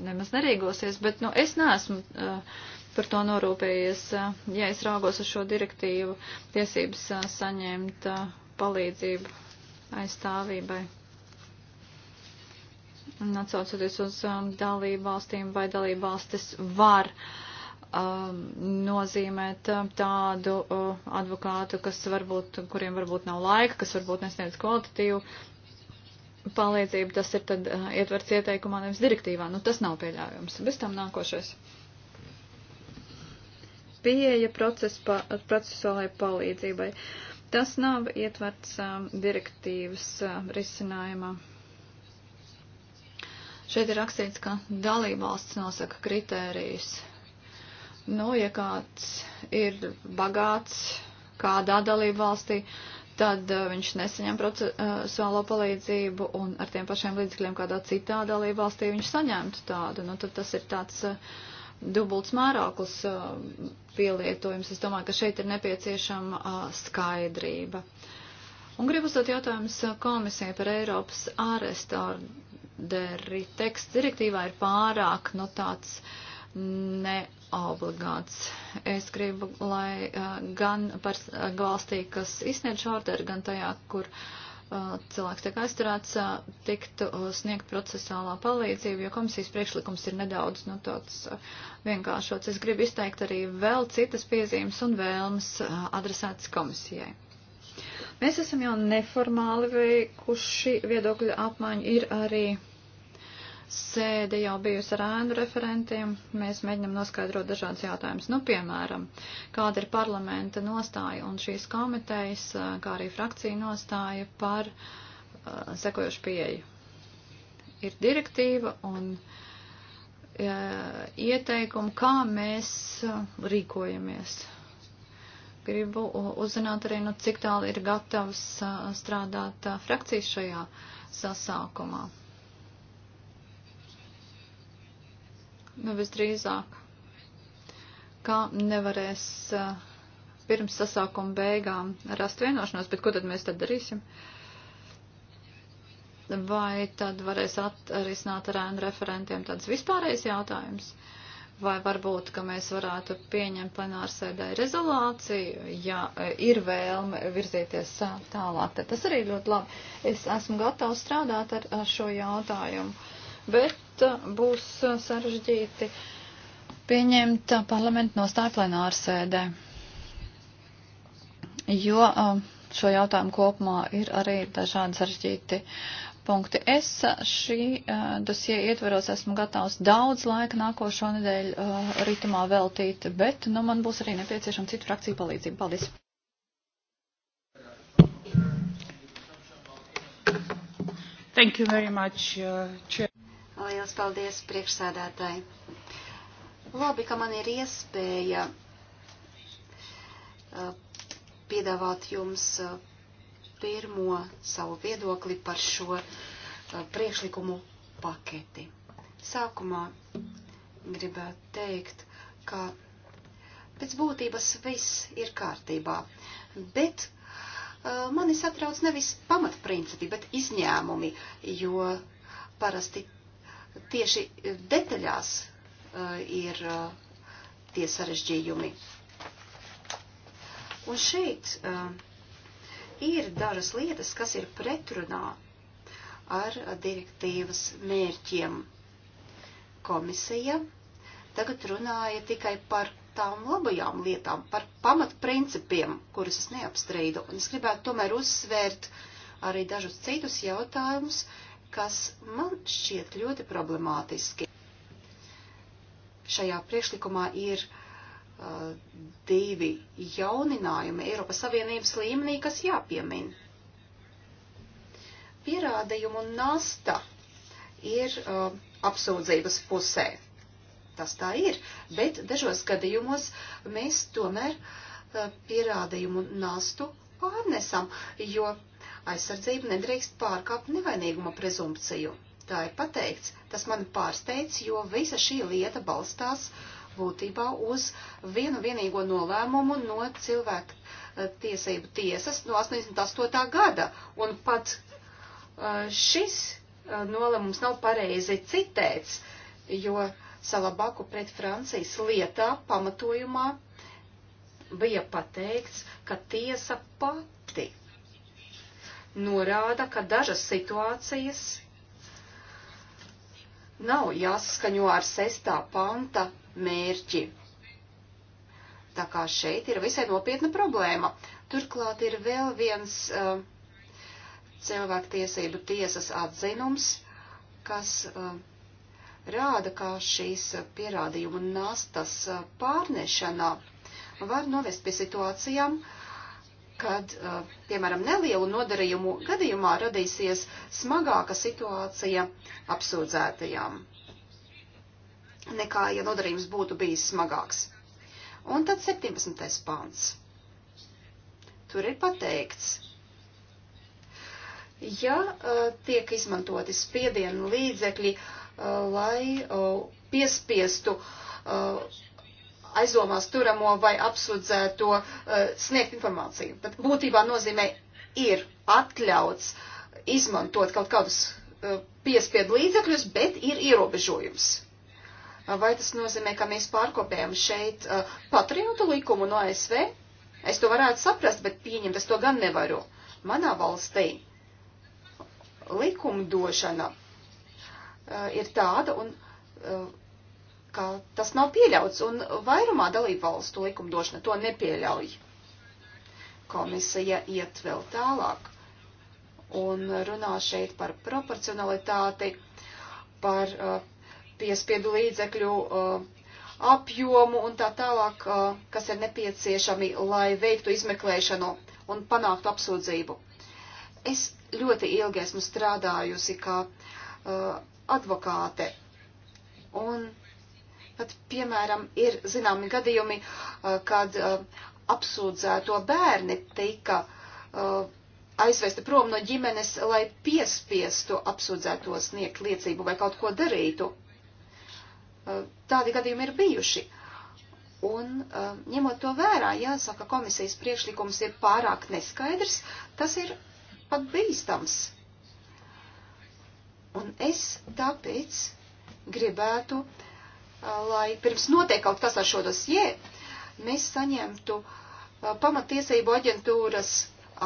nemaz nerīkosies, bet, nu, es neesmu uh, par to norūpējies. Uh, ja es raugos uz šo direktīvu, tiesības uh, saņemt uh, palīdzību aizstāvībai. Un atsaucoties uz um, dalību valstīm, vai dalību valstis var um, nozīmēt um, tādu uh, advokātu, kas varbūt, kuriem varbūt nav laika, kas varbūt nesniedz kvalitatīvu palīdzību, tas ir tad uh, ietverts ieteikumā, nevis direktīvā. Nu, tas nav pieļaujams. Bez tam nākošais. Pieeja proces pa, procesuālajai palīdzībai. Tas nav ietverts uh, direktīvas uh, risinājumā. Šeit ir rakstīts, ka dalībvalsts nosaka kritērijus. Nu, ja kāds ir bagāts kādā dalībvalstī, valstī, tad eh, viņš nesaņem procesuālo eh, palīdzību un ar tiem pašiem līdzekļiem kādā citā dalība valstī viņš saņemtu tādu. Nu, tad tas ir tāds eh, dubults mērāklis pielietojums. Es domāju, ka šeit ir nepieciešama skaidrība. Un gribu uzdot jautājumus komisijai par Eiropas ārestorderi. Teksts direktīvā ir pārāk, nu, no tāds uh, neobligāts. Es gribu, lai gan par valstī, kas izsniedz šo orderu, gan tajā, kur cilvēks tiek aizturēts, tiktu sniegt procesuālā palīdzība, jo komisijas priekšlikums ir nedaudz nu, tāds vienkāršots. Es gribu izteikt arī vēl citas piezīmes un vēlmes adresētas komisijai. Mēs esam jau neformāli veikuši viedokļu apmaiņu, ir arī sēde jau bijusi ar ēnu referentiem. Mēs mēģinam noskaidrot dažādas jautājumas. Nu, piemēram, kāda ir parlamenta nostāja un šīs komitejas, kā arī frakcija nostāja par uh, sekojošu pieeju. Ir direktīva un uh, ieteikumi, kā mēs uh, rīkojamies. Gribu uzzināt arī, nu, cik tālu ir gatavs strādāt frakcijas šajā sasākumā nu, visdrīzāk, kā nevarēs uh, pirms sasākuma beigām rast vienošanos, bet ko tad mēs tad darīsim? Vai tad varēs atrisināt ar ēnu referentiem tāds vispārējais jautājums? Vai varbūt, ka mēs varētu pieņemt plenārsēdē rezolāciju, ja eh, ir vēlme virzīties eh, tālāk, tad tas arī ļoti labi. Es esmu gatavs strādāt ar, ar šo jautājumu. Uh, bet uh, būs uh, sarežģīti pieņemt uh, parlamentu nostāju plenāru sēdē, jo um, šo jautājumu kopumā ir arī dažādi sarežģīti punkti. Es šī uh, dosie ietveros esmu gatavs daudz laika nākošo nedēļu uh, ritumā veltīt, bet nu, man būs arī nepieciešama citu frakciju palīdzība. Paldies! Thank you very much, uh, Chair. Liels paldies priekšsēdētāji. Labi, ka man ir iespēja uh, piedāvāt jums uh, pirmo savu viedokli par šo uh, priekšlikumu paketi. Sākumā gribētu teikt, ka pēc būtības viss ir kārtībā, bet mani satrauc nevis pamatprincipi, bet izņēmumi, jo parasti tieši eh, detaļās eh, ir eh, tie sarežģījumi. Un šeit ir dažas lietas, kas ir pretrunā ar direktīvas mērķiem. Komisija tagad runāja tikai par tām labajām lietām, par pamatprincipiem, kurus es neapstrīdu. Un es gribētu tomēr uzsvērt arī dažus citus jautājumus, uh, kas man šķiet ļoti problemātiski. Šajā priekšlikumā ir uh, divi jauninājumi Eiropas Savienības līmenī, kas jāpiemin. Pierādījumu nasta ir uh, apsūdzības pusē. Tas tā ir, bet dažos gadījumos mēs tomēr uh, pierādījumu nastu pārnesam, jo aizsardzība nedrīkst pārkāpt nevainīguma prezumpciju. Tā ir pateikts. Tas mani pārsteidz, jo visa šī lieta balstās būtībā uz vienu vienīgo nolēmumu no cilvēku eh, tiesību tiesas no 88. gada. Un pat eh, šis eh, nolēmums nav pareizi citēts, jo Salabaku pret Francijas lietā pamatojumā bija pateikts, ka tiesa pati norāda, ka dažas situācijas nav jāsaskaņo ar sestā panta mērķi. Tā kā šeit ir visai nopietna problēma. Turklāt ir vēl viens uh, cilvēktiesību tiesas atzinums, kas uh, rāda, kā šīs pierādījumu nastas uh, pārnešana var novest pie situācijām, uh, kad, eh, piemēram, nelielu nodarījumu gadījumā radīsies smagāka situācija apsūdzētajām nekā, ja nodarījums būtu bijis smagāks. Un tad 17. pants. Tur ir pateikts, ja uh, tiek izmantoti spiedienu līdzekļi, uh, lai uh, piespiestu uh, aizdomās turamo vai apsūdzēto uh, sniegt informāciju. Bet būtībā nozīmē ir atļauts izmantot kaut kādus uh, piespiedu līdzekļus, bet ir ierobežojums. Eh, vai tas nozīmē, ka mēs pārkopējam šeit uh, patriotu likumu no ASV? Es to varētu saprast, bet pieņemt es to gan nevaru. Manā valstī likumdošana uh, ir tāda, un uh, ka tas nav pieļauts, un vairumā dalību valstu likumdošana to nepieļauj. Komisija iet vēl tālāk un runā šeit par proporcionalitāti, par uh, piespiedu līdzekļu uh, apjomu un tā tālāk, uh, kas ir nepieciešami, lai veiktu izmeklēšanu un panāktu apsūdzību. Es ļoti ilgi esmu strādājusi kā uh, advokāte, un Pat, piemēram, ir zināmi gadījumi, eh, kad eh, apsūdzēto bērni tika eh, aizvesti prom no ģimenes, lai piespiestu apsūdzēto sniegt liecību vai kaut ko darītu. Tādi gadījumi ir bijuši. Un ņemot to vērā, jāsaka, komisijas priekšlikums ir pārāk neskaidrs, tas ir pat bīstams. Un es tāpēc gribētu uh, lai pirms notiek kaut kas ar šo dosie, mēs saņemtu uh, pamatiesību aģentūras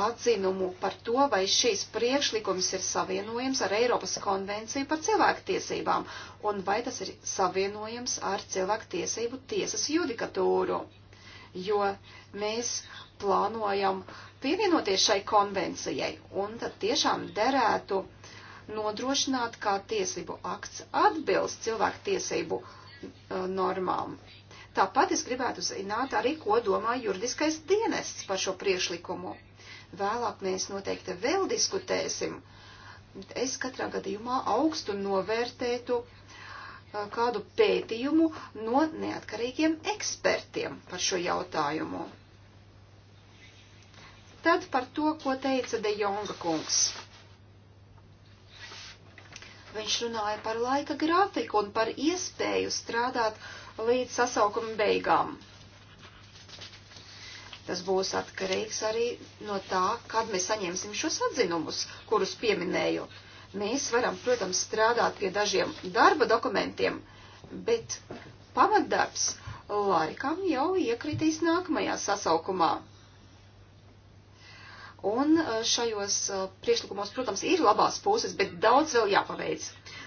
atzinumu par to, vai šīs priekšlikums ir savienojams ar Eiropas konvenciju par cilvēktiesībām un vai tas ir savienojams ar cilvēktiesību tiesas judikatūru. Jo mēs plānojam pievienoties šai konvencijai un tad tiešām derētu nodrošināt, kā tiesību akts atbilst cilvēktiesību tiesību Uh, normām. Tāpat es gribētu zināt arī, ko domā juridiskais dienests par šo priešlikumu. Vēlāk mēs noteikti vēl diskutēsim. Es katrā gadījumā augstu novērtētu uh, kādu pētījumu no neatkarīgiem ekspertiem par šo jautājumu. Tad par to, ko teica De Jonga kungs. Viņš runāja par laika grafiku un par iespēju strādāt līdz sasaukuma beigām. Tas būs atkarīgs arī no tā, kad mēs saņemsim šos atzinumus, kurus pieminēju. Mēs varam, protams, strādāt pie dažiem darba dokumentiem, bet pamatdarbs laikam jau iekritīs nākamajā sasaukumā. Un uh, šajos uh, priekšlikumos, protams, ir labās puses, bet daudz vēl jāpaveic.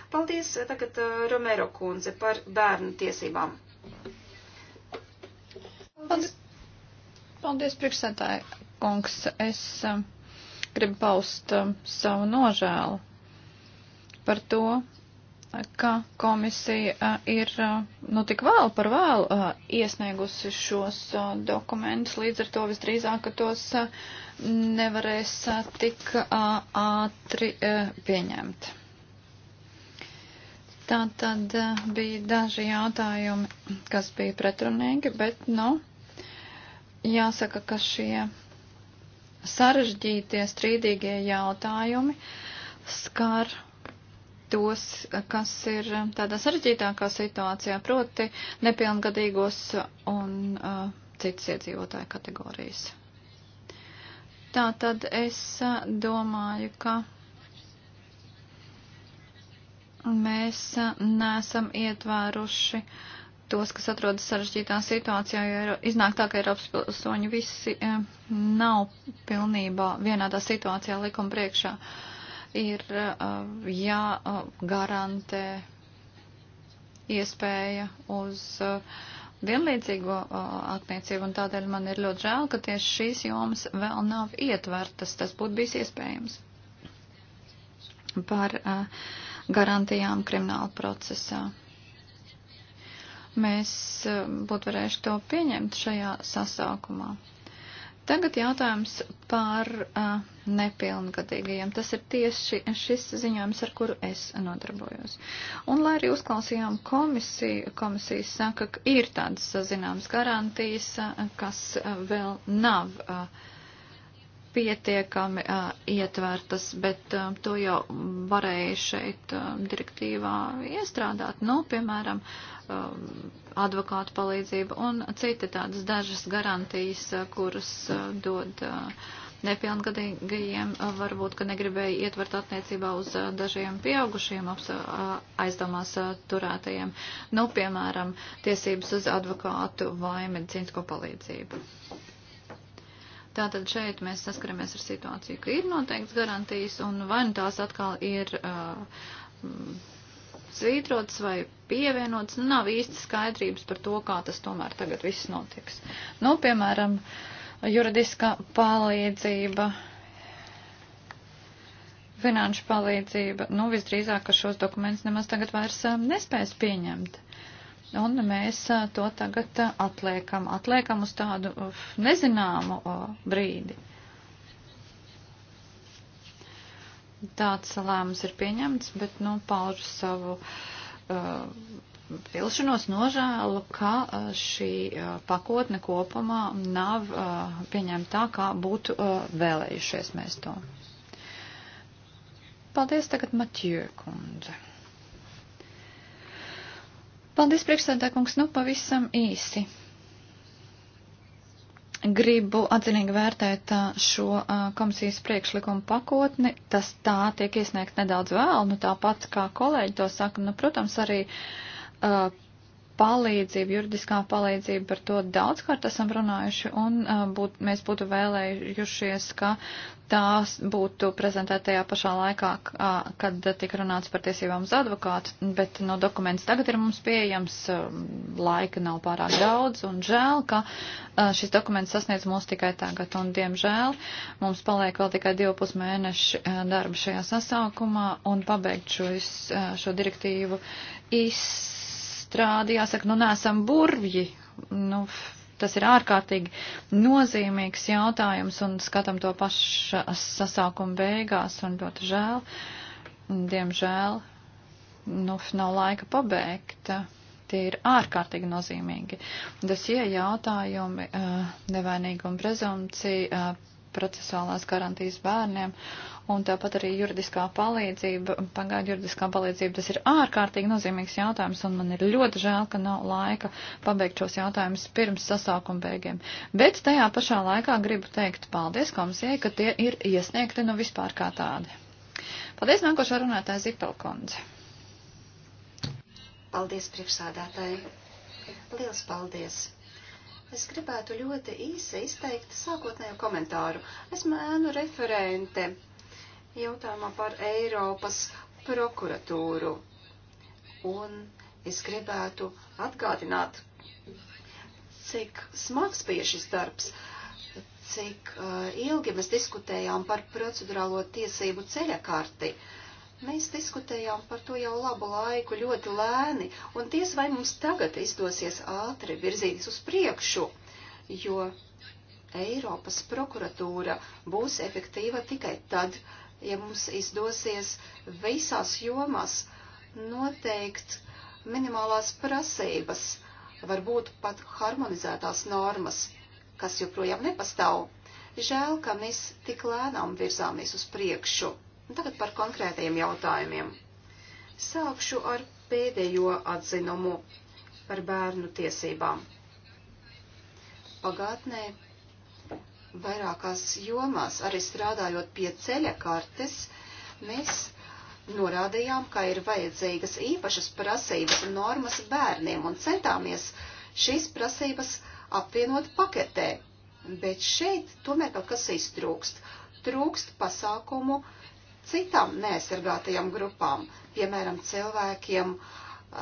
Paldies uh, tagad Romero kundze par bērnu tiesībām. Paldies, Paldies priekšsētāji kungs. Es um, gribu paust um, savu nožēlu par to, ka komisija ir nu tik vēl par vēlu iesniegusi šos dokumentus, līdz ar to visdrīzāk, ka tos nevarēs tik ātri pieņemt. Tā tad bija daži jautājumi, kas bija pretrunīgi, bet, nu, jāsaka, ka šie sarežģītie, strīdīgie jautājumi skar tos, kas ir eh, tādā sarežģītākā situācijā, proti nepilngadīgos un uh, citas iedzīvotāju kategorijas. Tā tad es eh, domāju, ka mēs nesam ietvēruši tos, kas atrodas sarežģītā situācijā, jo iznāk tā, ka Eiropas pilsoņi visi nav pilnībā vienādā situācijā likuma priekšā. Uh, ir uh, jāgarantē iespēja uz uh, vienlīdzīgo uh, attiecību, un tādēļ man ir ļoti žēl, ka tieši šīs jomas vēl nav ietvertas. Tas būtu bijis iespējams par garantijām krimināla procesā. Mēs būtu varējuši to pieņemt šajā sasaukumā. Tagad jautājums par uh, nepilngadīgajiem. Tas ir tieši šis ziņojums, ar kuru es nodarbojos. Un lai arī uzklausījām komisiju, komisija saka, ka ir tādas zināmas garantijas, uh, kas uh, vēl nav. Uh, pietiekami uh, ietvertas, bet uh, to jau varēja šeit uh, direktīvā iestrādāt, nu, piemēram, uh, advokātu palīdzība un citi tādas dažas garantijas, uh, kuras uh, dod uh, nepilngadīgajiem, uh, varbūt, ka negribēja ietvert attiecībā uz uh, dažiem pieaugušiem apsa, uh, aizdomās uh, turētajiem, nu, piemēram, tiesības uz advokātu vai medicīnsko palīdzību. Tātad šeit mēs saskaramies ar situāciju, ka ir noteikts garantijas un vai nu tās atkal ir uh, mm, svītrotas vai pievienotas, nu, nav īsti skaidrības par to, kā tas tomēr tagad viss notiks. Nu, piemēram, juridiskā palīdzība, finanšu palīdzība, nu, visdrīzāk, ka šos dokumentus nemaz tagad vairs uh, nespēs pieņemt. Un mēs uh, to tagad uh, atliekam, atliekam uz tādu uh, nezināmu brīdi. Tāds lēmums ir pieņemts, bet, nu, paužu savu uh, vilšanos nožēlu, ka uh, šī uh, pakotne kopumā nav uh, pieņemta tā, kā būtu uh, vēlējušies mēs to. Paldies tagad Matjē kundze. Paldies, priekšstādā kungs, nu pavisam īsi. Gribu atzinīgi vērtēt šo komisijas priekšlikumu pakotni. Tas tā tiek iesniegt nedaudz vēl, nu tāpat kā kolēģi to saka, nu, protams, arī uh, palīdzību, juridiskā palīdzība, par to daudzkārt esam runājuši un būt, mēs būtu vēlējušies, ka tās būtu prezentētajā pašā laikā, kad tika runāts par tiesībām uz advokātu, bet no nu, dokuments tagad ir mums pieejams, laika nav pārāk daudz un žēl, ka šis dokuments sasniedz mūs tikai tagad un diemžēl mums paliek vēl tikai divi pusmēneši darba šajā sasaukumā un pabeigt šo, šo direktīvu iz autostrādi, jāsaka, nu nesam burvji. Nu, tas ir ārkārtīgi nozīmīgs jautājums un skatam to pašu sasākumu beigās un ļoti žēl. Diemžēl, nu, nav laika pabeigt. Tie ir ārkārtīgi nozīmīgi. Dosie jautājumi, eh, nevainīguma prezumcija, eh, procesuālās garantijas bērniem, un tāpat arī juridiskā palīdzība, pagaidu juridiskā palīdzība, tas ir ārkārtīgi nozīmīgs jautājums, un man ir ļoti žēl, ka nav laika pabeigt šos jautājumus pirms sasaukuma beigiem. Bet tajā pašā laikā gribu teikt paldies komisijai, ka tie ir iesniegti nu vispār kā tādi. Paldies nākošā runātāja Zipelkondze. Paldies priekšsādātāji. Liels paldies! Es gribētu ļoti īsi izteikt sākotnējo komentāru. Es mēnu referente jautājumā par Eiropas prokuratūru. Un es gribētu atgādināt, cik smags bija šis darbs, cik uh, ilgi mēs diskutējām par procedurālo tiesību ceļakarti. Uh, Mēs diskutējām par to jau labu laiku, ļoti lēni, un ties vai mums tagad izdosies ātri virzīties uz priekšu, jo Eiropas prokuratūra būs efektīva tikai tad, ja mums izdosies visās jomās noteikt minimālās prasības, varbūt pat harmonizētās normas, kas joprojām nepastāv. Žēl, ka mēs tik lēnām virzāmies uz priekšu. Tagad par konkrētajiem jautājumiem. Sākšu ar pēdējo atzinumu par bērnu tiesībām. Pagātnē vairākās jomās, arī strādājot pie ceļa kartes, mēs norādījām, ka ir vajadzīgas īpašas prasības un normas bērniem un centāmies šīs prasības apvienot paketē. Bet šeit tomēr kaut kas iztrūkst. Trūkst pasākumu uh, citām neaizsargātajām grupām, piemēram, cilvēkiem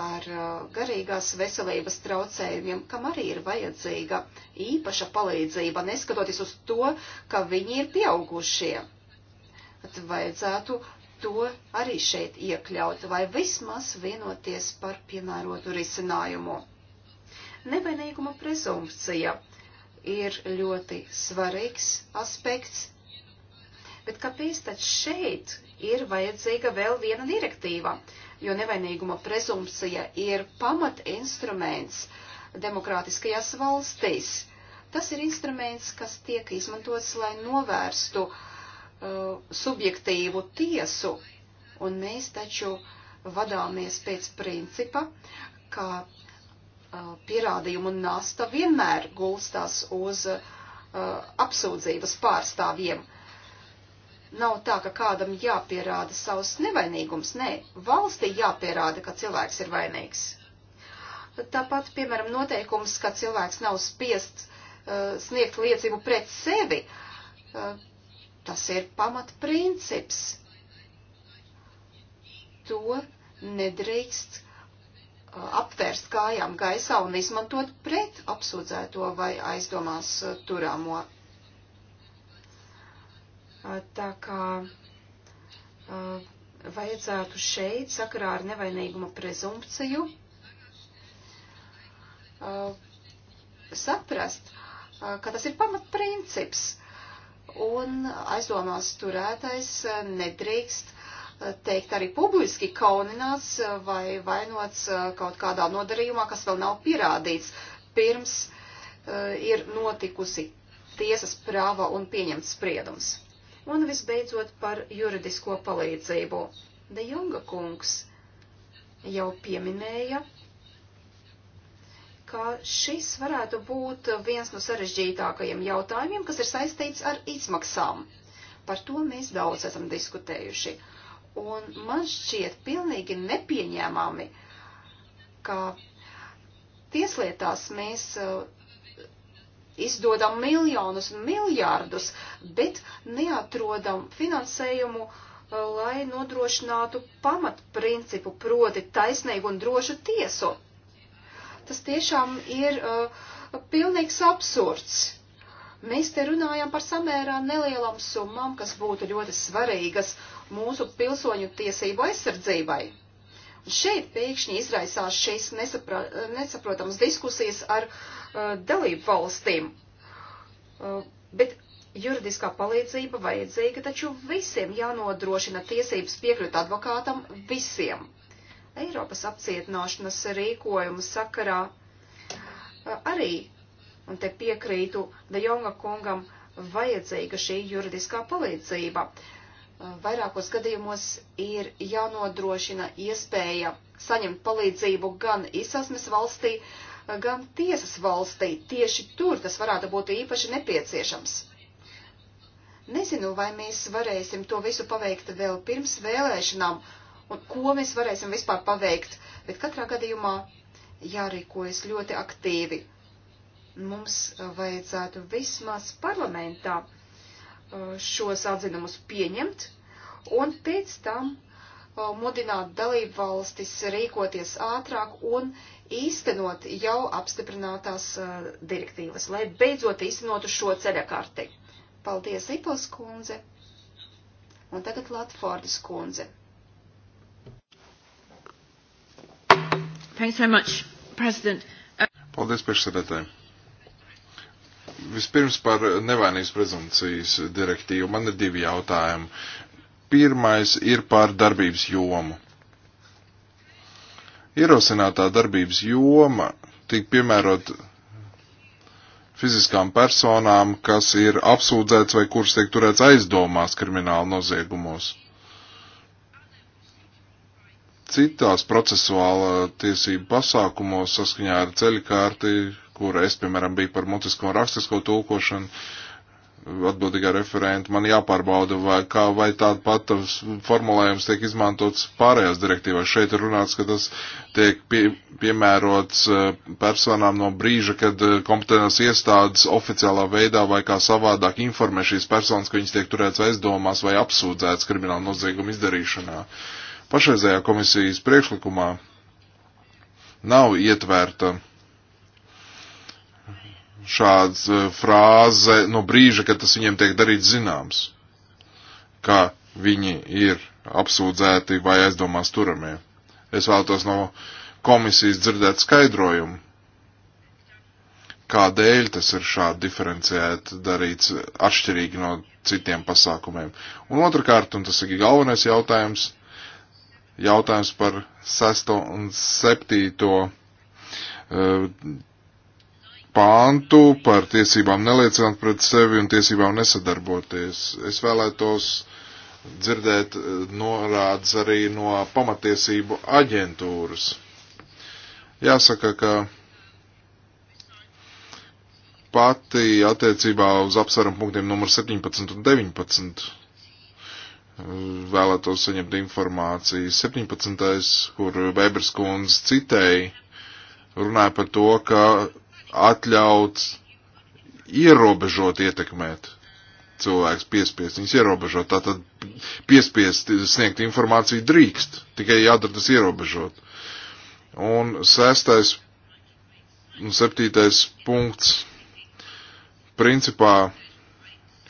ar uh, garīgās veselības traucējumiem, kam arī ir vajadzīga īpaša palīdzība, neskatoties uz to, ka viņi ir pieaugušie. Tad vajadzētu to arī šeit iekļaut vai vismaz vienoties par piemērotu risinājumu. Nevainīguma prezumpcija ir ļoti svarīgs aspekts Bet kāpēc tad šeit ir vajadzīga vēl viena direktīva? Jo nevainīguma prezumpcija ir pamat instruments demokrātiskajās valstīs. Tas ir instruments, kas tiek izmantots, lai novērstu uh, subjektīvu tiesu. Un mēs taču vadāmies pēc principa, ka uh, pierādījumu nasta vienmēr gulstās uz uh, apsūdzības pārstāvjiem. Nav tā, ka kādam jāpierāda savs nevainīgums. Nē, valstī jāpierāda, ka cilvēks ir vainīgs. Tāpat, piemēram, noteikums, ka cilvēks nav spiests uh, sniegt liecību pret sevi, uh, tas ir pamatprincips. To nedrīkst uh, apvērst kājām gaisā un izmantot pret apsūdzēto vai aizdomās uh, turāmo Tā kā vajadzētu šeit sakarā ar nevainīguma prezumpciju saprast, ka tas ir pamatprincips un aizdomās turētais nedrīkst teikt arī publiski kaunināts vai vainots kaut kādā nodarījumā, kas vēl nav pierādīts, pirms ir notikusi tiesas prāva un pieņemts spriedums. Un visbeidzot par juridisko palīdzību. De Jonga kungs jau pieminēja, ka šis varētu būt viens no sarežģītākajiem jautājumiem, kas ir saistīts ar izmaksām. Par to mēs daudz esam diskutējuši. Un man šķiet pilnīgi nepieņēmami, ka tieslietās mēs izdodam miljonus, miljārdus, bet neatrodam finansējumu, eh, lai nodrošinātu pamatprincipu, proti taisnīgu un drošu tiesu. Tas tiešām ir uh, pilnīgs absurds. Mēs te runājam par samērā nelielām summām, kas būtu ļoti svarīgas mūsu pilsoņu tiesību aizsardzībai. Un šeit pēkšņi izraisās šīs nesapra, nesaprotams diskusijas ar uh, Uh, dalību valstīm. Uh, bet juridiskā palīdzība vajadzīga taču visiem jānodrošina tiesības piekļūt advokātam visiem. Eiropas apcietināšanas rīkojuma sakarā uh, arī, un te piekrītu De Jonga kungam, vajadzīga šī juridiskā palīdzība. Vairākos gadījumos ir jānodrošina iespēja saņemt palīdzību gan izsasmes valstī, uh, gan tiesas valstī. Tieši tur tas varētu būt īpaši nepieciešams. Nezinu, vai mēs varēsim to visu paveikt vēl pirms vēlēšanām, un ko mēs varēsim vispār paveikt, bet katrā gadījumā jārīkojas ļoti aktīvi. Mums vajadzētu vismaz parlamentā uh, šos atzinumus pieņemt, un pēc tam Uh, mudināt dalību valstis rīkoties ātrāk un īstenot jau apstiprinātās uh, direktīvas, lai beidzot īstenotu šo ceļakarti. Paldies, Ipels kundze, un tagad Latfordas kundze. Thanks very much, President. Paldies, priekšsēdētāji. Vispirms par nevainības prezumcijas direktīvu. Man ir divi jautājumi. Pirmais ir par darbības jomu. Ierosinātā darbības joma tiek piemērot fiziskām personām, kas ir apsūdzēts vai kuras tiek turēts aizdomās krimināla noziegumos. Citās procesuāla tiesība pasākumos saskaņā ar ceļkārti, kura es, piemēram, biju par mutisko un rakstisko tulkošanu, uh, atbildīgā referenta, man jāpārbauda, vai, kā, vai tāda pata formulējums tiek izmantots pārējās direktīvās. Šeit ir runāts, ka tas tiek pie, piemērots e, personām no brīža, kad e, kompetentās iestādes oficiālā veidā vai kā savādāk informē šīs personas, ka viņas tiek turēts aizdomās vai apsūdzētas krimināla nozieguma izdarīšanā. Pašreizējā komisijas priekšlikumā nav ietvērta šāds e, frāze no brīža, kad tas viņiem tiek darīts zināms, ka viņi ir apsūdzēti vai aizdomās turamie. Es vēlētos no komisijas dzirdēt skaidrojumu, kādēļ tas ir šādi diferenciēti darīts atšķirīgi no citiem pasākumiem. Un otrkārt, un tas ir galvenais jautājums, jautājums par sesto un septīto uh, pāntu par tiesībām neliecināt pret sevi un tiesībām nesadarboties. Es vēlētos dzirdēt eh, norādes arī no pamatiesību aģentūras. Jāsaka, ka pati attiecībā uz apsvērumu punktiem numur 17 un 19 eh, vēlētos saņemt informāciju. 17. kur Vēbers kundze citēja, runāja par to, ka atļauts ierobežot ietekmēt cilvēks piespiest, viņas ierobežot. Tātad piespiest sniegt informāciju drīkst, tikai jādara tas ierobežot. Un sestais un septītais punkts. Principā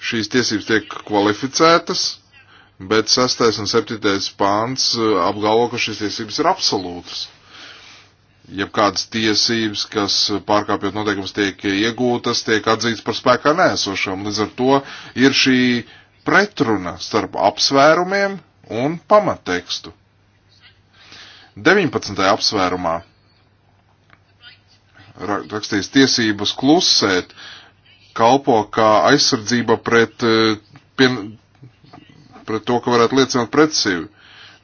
šīs tiesības tiek kvalificētas, bet sestais un septītais pāns eh, apgalvo, ka šīs tiesības ir absolūtas jebkādas tiesības, kas pārkāpjot noteikums tiek iegūtas, tiek atzīts par spēkā nēsošam. Līdz ar to ir šī pretruna starp apsvērumiem un pamatekstu. 19. apsvērumā rakstīts tiesības klusēt kalpo kā aizsardzība pret, eh, pie, pret to, ka varētu liecināt pret sevi.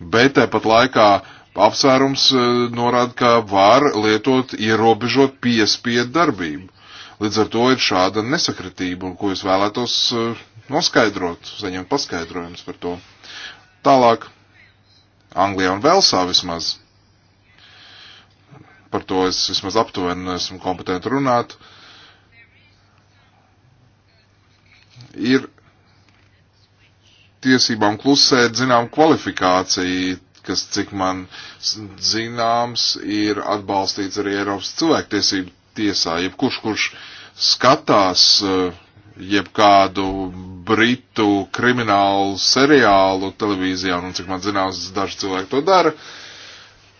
Bet tāpat laikā uh, apsvērums e, norāda, ka var lietot ierobežot piespiedu darbību. Līdz ar to ir šāda nesakritība, ko es vēlētos e, noskaidrot, saņemt paskaidrojums par to. Tālāk, Anglijā un Velsā vismaz, par to es vismaz aptuveni esmu kompetenti runāt, ir tiesībām klusēt, zinām, kvalifikācija kas, cik man zināms, ir atbalstīts arī Eiropas cilvēktiesību tiesā. Jebkurš, kurš skatās eh, jebkādu britu kriminālu seriālu televīzijā, un cik man zināms, daži cilvēki to dara,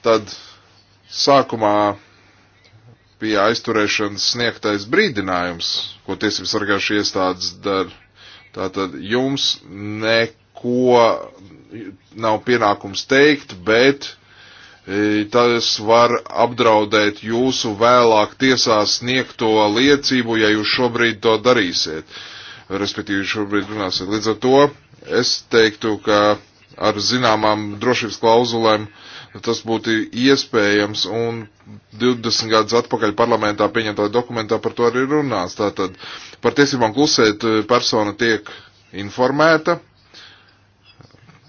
tad sākumā pie aizturēšanas sniegtais brīdinājums, ko tiesību sargājušie iestādes dara. Tātad jums neko nav pienākums teikt, bet e, tas var apdraudēt jūsu vēlāk tiesā sniegto liecību, ja jūs šobrīd to darīsiet. Respektīvi, šobrīd runāsiet. Līdz ar to es teiktu, ka ar zināmām drošības klauzulēm tas būtu iespējams, un 20 gadus atpakaļ parlamentā pieņemtā dokumentā par to arī runāts. Tātad par tiesībām klusēt e, persona tiek informēta,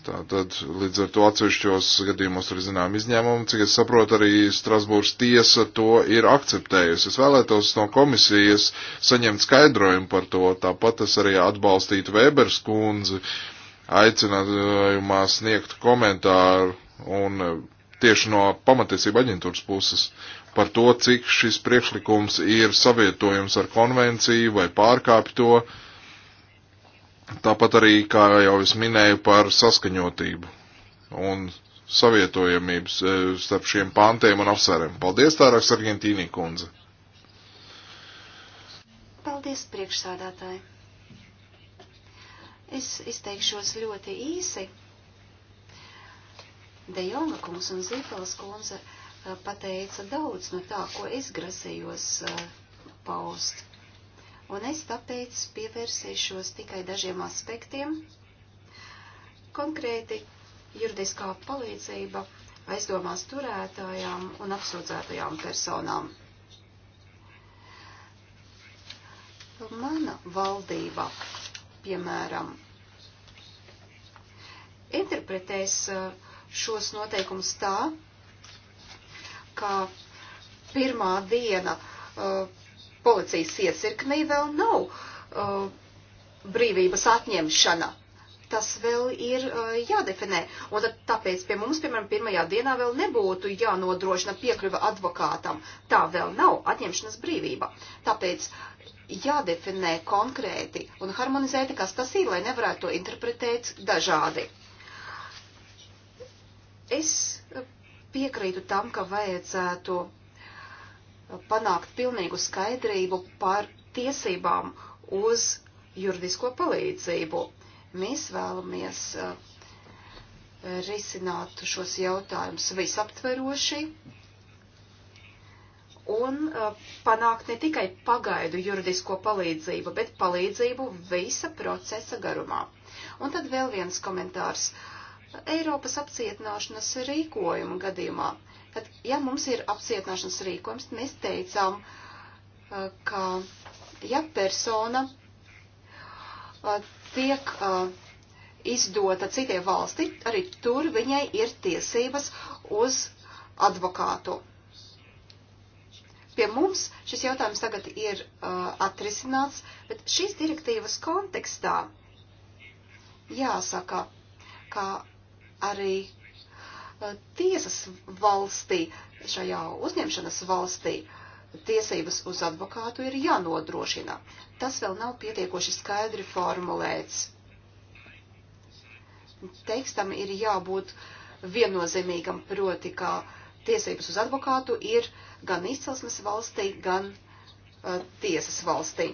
Tātad līdz ar to atsevišķos gadījumos ir zinām izņēmumi, cik es saprotu, arī Strasbūras tiesa to ir akceptējusi. Es vēlētos no komisijas saņemt skaidrojumu par to, tāpat es arī atbalstītu Vēbers kundzi aicinājumā sniegt komentāru un e, tieši no pamatiesība aģentūras puses par to, cik šis priekšlikums ir savietojums ar konvenciju vai pārkāpj to. Uh, Tāpat arī, kā jau es minēju, par saskaņotību un savietojamību e, starp šiem pāntiem un apsvēriem. Paldies, Tārāks Argentīnī kundze! Paldies, priekšsādātāji! Es izteikšos ļoti īsi. De Jonga kungs un Zīfels kundze e, pateica daudz no tā, ko es grasījos e, paust un es tāpēc pievērsīšos tikai dažiem aspektiem. Konkrēti, juridiskā palīdzība aizdomās turētājām un apsūdzētajām personām. Mana valdība, piemēram, interpretēs uh, šos noteikumus tā, ka pirmā diena uh, policijas iesirknī vēl nav uh, brīvības atņemšana. Tas vēl ir uh, jādefinē. Un tad, tāpēc pie mums, piemēram, pirmajā dienā vēl nebūtu jānodrošina piekļuva advokātam. Tā vēl nav atņemšanas brīvība. Tāpēc jādefinē konkrēti un harmonizēti, kas tas ir, lai nevarētu to interpretēt dažādi. Es piekrītu tam, ka vajadzētu panākt pilnīgu skaidrību par tiesībām uz juridisko palīdzību. Mēs vēlamies uh, risināt šos jautājumus visaptveroši un uh, panākt ne tikai pagaidu juridisko palīdzību, bet palīdzību visa procesa garumā. Un tad vēl viens komentārs. Eiropas apcietināšanas rīkojuma gadījumā Tad, ja mums ir apcietināšanas rīkojums, mēs teicām, ka ja persona tiek izdota citai valsti, arī tur viņai ir tiesības uz advokātu. Pie mums šis jautājums tagad ir uh, atrisināts, bet šīs direktīvas kontekstā jāsaka, ka arī tiesas valstī, šajā uzņemšanas valstī, tiesības uz advokātu ir jānodrošina. Tas vēl nav pietiekoši skaidri formulēts. Tekstam ir jābūt viennozīmīgam, proti, kā tiesības uz advokātu ir gan izcelsmes valstī, gan uh, tiesas valstī.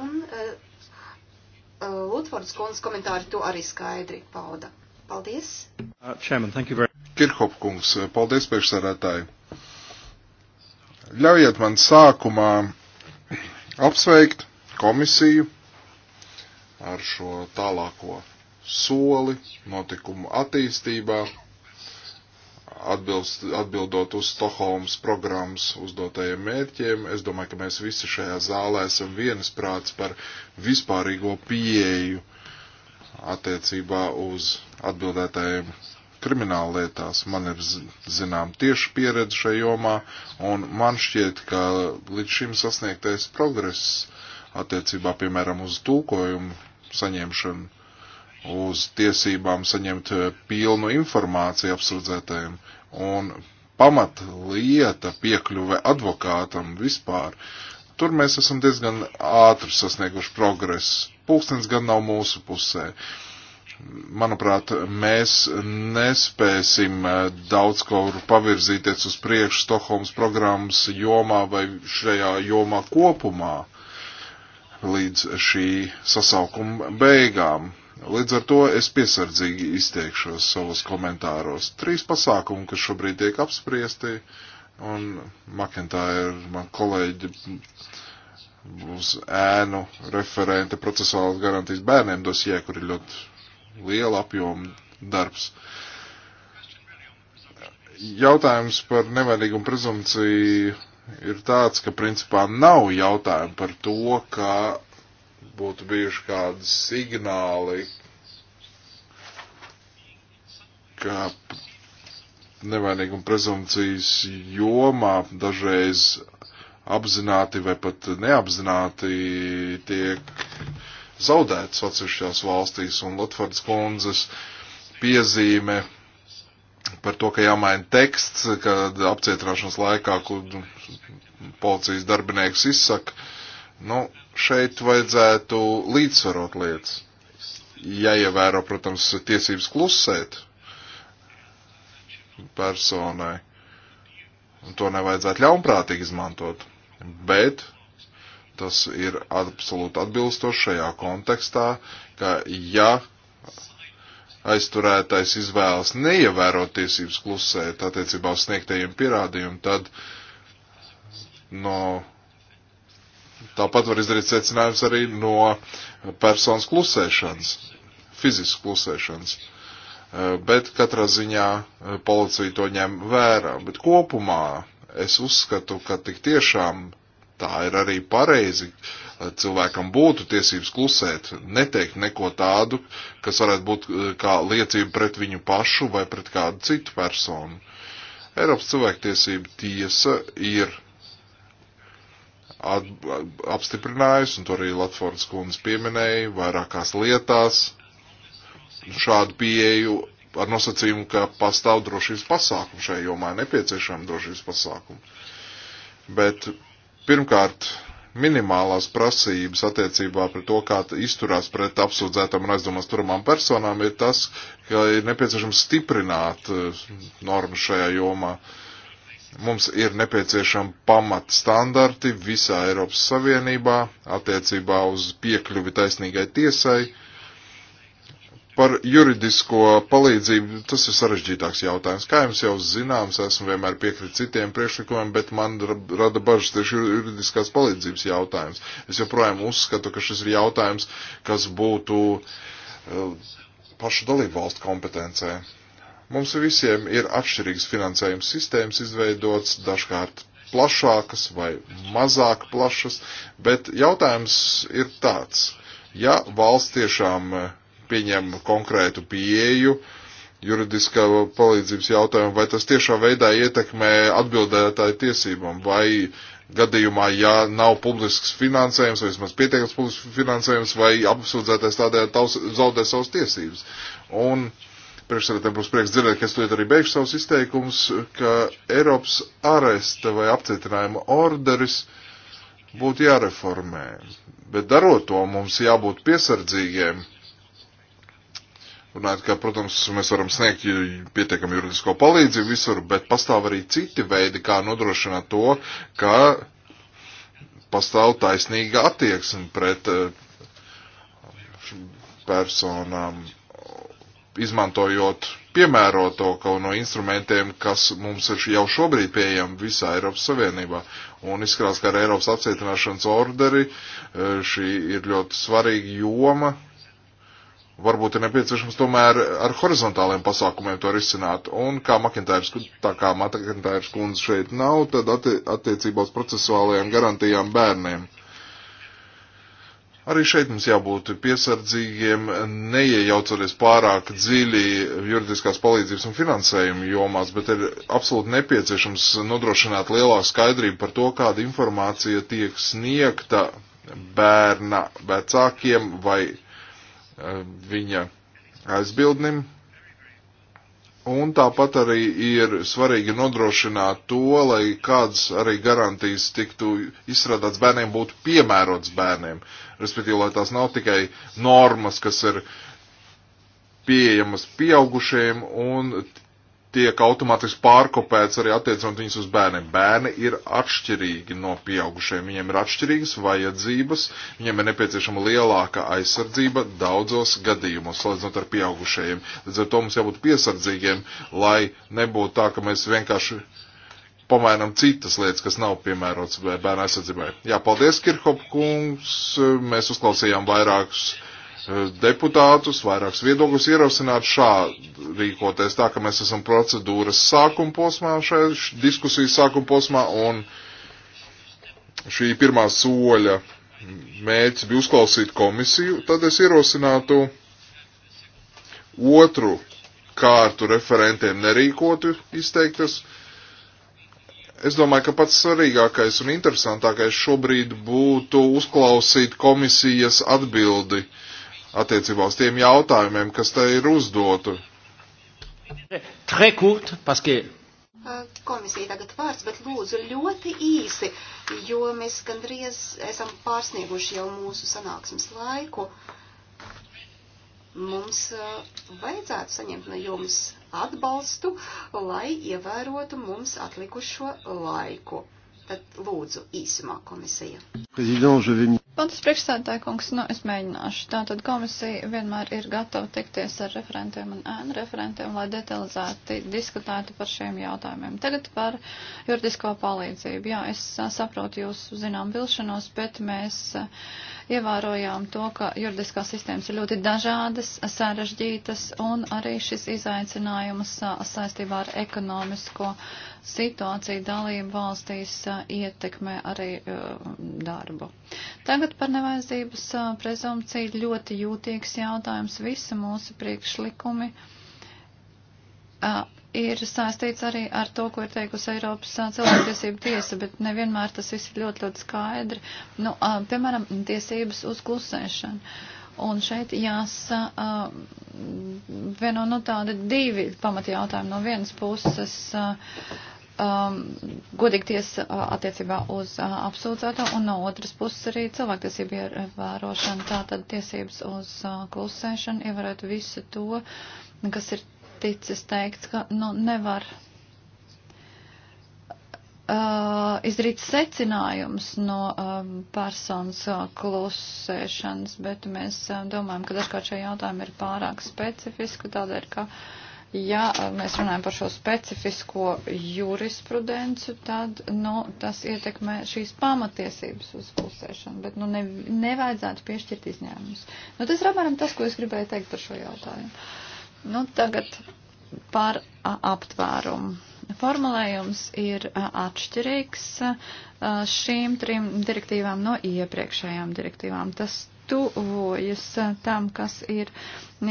Un uh, Lutfords kundas komentāri to arī skaidri pauda. Paldies! Uh, chairman, Kirhopkungs, paldies priekšsarētāji. Ļaujiet man sākumā apsveikt komisiju ar šo tālāko soli notikumu attīstībā, atbilst, atbildot uz Stokholmas programmas uzdotajiem mērķiem. Es domāju, ka mēs visi šajā zālē esam vienisprāts par vispārīgo pieeju attiecībā uz atbildētajiem krimināla lietās. Man ir zinām tieši pieredze šajā jomā, un man šķiet, ka līdz šim sasniegtais progress attiecībā, piemēram, uz tulkojumu saņemšanu, uz tiesībām saņemt eh, pilnu informāciju apsardzētājiem, un pamatlieta piekļuve advokātam vispār. Tur mēs esam diezgan ātri sasnieguši progresu. Pūkstens gan nav mūsu pusē. Uh, manuprāt, mēs nespēsim eh, daudz ko pavirzīties uz priekšu Stokholmas programmas jomā vai šajā jomā kopumā līdz šī sasaukuma beigām. Līdz ar to es piesardzīgi izteikšos savos komentāros. Trīs pasākumi, kas šobrīd tiek apspriesti, un Makentā ir man kolēģi būs ēnu referente procesuālas garantijas bērniem dosijē, kur ir ļoti liela apjoma darbs. Jautājums par nevainīgumu prezumciju ir tāds, ka principā nav jautājumu par to, ka būtu bijuši kādi signāli, ka nevainīguma prezumcijas jomā dažreiz apzināti vai pat neapzināti tiek uh, zaudētas atsevišķās valstīs, un Lutfords kundzes piezīme par to, ka jāmaina teksts, kad apcietināšanas laikā, kur policijas darbinieks izsaka, nu, šeit vajadzētu līdzsvarot lietas. Jāievēro, ja protams, tiesības klusēt personai, un to nevajadzētu ļaunprātīgi izmantot, bet tas ir absolūti atbilstoši šajā kontekstā, ka ja aizturētais izvēlas neievērot tiesības klusēt attiecībā uz sniegtajiem pierādījumiem, tad no tāpat var izdarīt secinājums arī no personas klusēšanas, fiziskas klusēšanas. Eh, bet katrā ziņā eh, policija to ņem vērā. Bet kopumā es uzskatu, ka tik tiešām tā ir arī pareizi, lai cilvēkam būtu tiesības klusēt, neteikt neko tādu, kas varētu būt eh, kā liecība pret viņu pašu vai pret kādu citu personu. Eiropas cilvēktiesība tiesa ir at, apstiprinājusi, un to arī Latvijas kundze pieminēja, vairākās lietās šādu pieeju ar nosacījumu, ka pastāv drošības pasākumu šai jomā, nepieciešama drošības pasākumu. Bet Pirmkārt, minimālās prasības attiecībā par to, kā izturās pret apsūdzētām un aizdomās turamām personām, ir tas, ka ir nepieciešams stiprināt eh, normas šajā jomā. Mums ir nepieciešama pamat standarti visā Eiropas Savienībā attiecībā uz piekļuvi taisnīgai tiesai Par juridisko palīdzību tas ir sarežģītāks jautājums. Kā jums jau zināms, esmu vienmēr piekrit citiem priekšlikumiem, bet man rada bažas tieši juridiskās palīdzības jautājums. Es joprojām uzskatu, ka šis ir jautājums, kas būtu uh, pašu dalību valstu kompetencē. Mums visiem ir atšķirīgas finansējums sistēmas izveidots, dažkārt plašākas vai mazāk plašas, bet jautājums ir tāds. Ja valsts tiešām uh, pieņem konkrētu pieeju juridiskā palīdzības jautājumu, vai tas tiešā veidā ietekmē atbildētāju tiesībām, vai gadījumā, ja nav publisks finansējums, vai vismaz pietiekams publisks finansējums, vai apsūdzētais tādējādi zaudē savas tiesības. Un priekšsēdētājiem būs prieks dzirdēt, ka es to arī beigšu savus izteikumus, ka Eiropas aresta vai apcietinājuma orderis būtu jāreformē. Bet darot to, mums jābūt piesardzīgiem runājot, ka, protams, mēs varam sniegt pietiekam juridisko palīdzību visur, bet pastāv arī citi veidi, kā nodrošināt to, ka pastāv taisnīga attieksme pret eh, personām, izmantojot piemēroto kaut no instrumentiem, kas mums ir jau šobrīd pieejami visā Eiropas Savienībā. Un izskatās, ka ar Eiropas apcietināšanas orderi eh, šī ir ļoti svarīga joma, varbūt ir nepieciešams tomēr ar horizontāliem pasākumiem to risināt. Un kā Makintājas, tā kā Makintājas kundze šeit nav, tad atti, attiecībā uz procesuālajām garantijām bērniem. Arī šeit mums jābūt piesardzīgiem, neiejaucoties pārāk dziļi juridiskās palīdzības un finansējuma jomās, bet ir absolūti nepieciešams nodrošināt lielāku skaidrību par to, kāda informācija tiek sniegta bērna vecākiem vai viņa aizbildnim. Un tāpat arī ir svarīgi nodrošināt to, lai kādas arī garantijas tiktu izstrādāts bērniem, būtu piemērots bērniem. Respektīvi, lai tās nav tikai normas, kas ir pieejamas pieaugušiem un tiek automātiski pārkopēts arī attiecinot viņus uz bērniem. Bērni ir atšķirīgi no pieaugušajiem, viņiem ir atšķirīgas vajadzības, viņiem ir nepieciešama lielāka aizsardzība daudzos gadījumos, salīdzinot ar pieaugušajiem. Līdz ar to mums jābūt piesardzīgiem, lai nebūtu tā, ka mēs vienkārši pamainam citas lietas, kas nav piemērotas bērnu aizsardzībai. Jā, paldies, Kirhop kungs, mēs uzklausījām vairākus deputātus, vairākus viedokļus ierosināt šādi rīkoties, tā ka mēs esam procedūras sākuma posmā, šai diskusijas sākuma posmā, un šī pirmā soļa mērķis bija uzklausīt komisiju, tad es ierosinātu otru kārtu referentiem nerīkotu izteiktas. Es domāju, ka pats svarīgākais un interesantākais šobrīd būtu uzklausīt komisijas atbildi uh, attiecībā uz tiem jautājumiem, kas te ir uzdotu. Komisija tagad vārds, bet lūdzu ļoti īsi, jo mēs gandrīz esam pārsnieguši jau mūsu sanāksmes laiku. Mums vajadzētu saņemt no jums atbalstu, lai ievērotu mums atlikušo laiku. Tad lūdzu īsumā komisija. Prezident, Paldies, priekšsēdētāji kungs, nu es mēģināšu. Tātad komisija vienmēr ir gatava tikties ar referentiem un ēnu referentiem, lai detalizēti diskutētu par šiem jautājumiem. Tagad par juridisko palīdzību. Jā, es saprotu jūsu zinām vilšanos, bet mēs ievērojām to, ka juridiskās sistēmas ir ļoti dažādas, sarežģītas un arī šis izaicinājums saistībā ar ekonomisko situāciju dalību valstīs ietekmē arī darbu. Tagad Tagad par nevajadzības prezumciju ļoti jūtīgs jautājums. Visi mūsu priekšlikumi ir saistīts arī ar to, ko ir teikusi Eiropas cilvēktiesība tiesa, bet nevienmēr tas viss ir ļoti, ļoti skaidri. Nu, piemēram, tiesības uz klusēšanu. Un šeit jāsavieno nu, tādi divi pamati jautājumi. No vienas puses um, godīga tiesa uh, attiecībā uz uh, apsūdzēto, un no otras puses arī cilvēktiesība ievērošana, tātad tiesības uz uh, klusēšanu, ievērot visu to, kas ir ticis teikts, ka nu, nevar uh, izdarīt secinājums no um, personas uh, klusēšanas, bet mēs uh, domājam, ka dažkārt šie jautājumi ir pārāk specifiski, tādēļ, ka uh, ja eh, mēs runājam par šo specifisko jurisprudenci, tad nu, tas ietekmē šīs pamatiesības uzpulsēšanu, bet nu, ne, nevajadzētu piešķirt izņēmumus. Nu, tas ir apmēram tas, ko es gribēju teikt par šo jautājumu. Nu, tagad par aptvērumu. Formulējums ir atšķirīgs šīm trim direktīvām no iepriekšējām direktīvām. Tas tuvojas tam, kas ir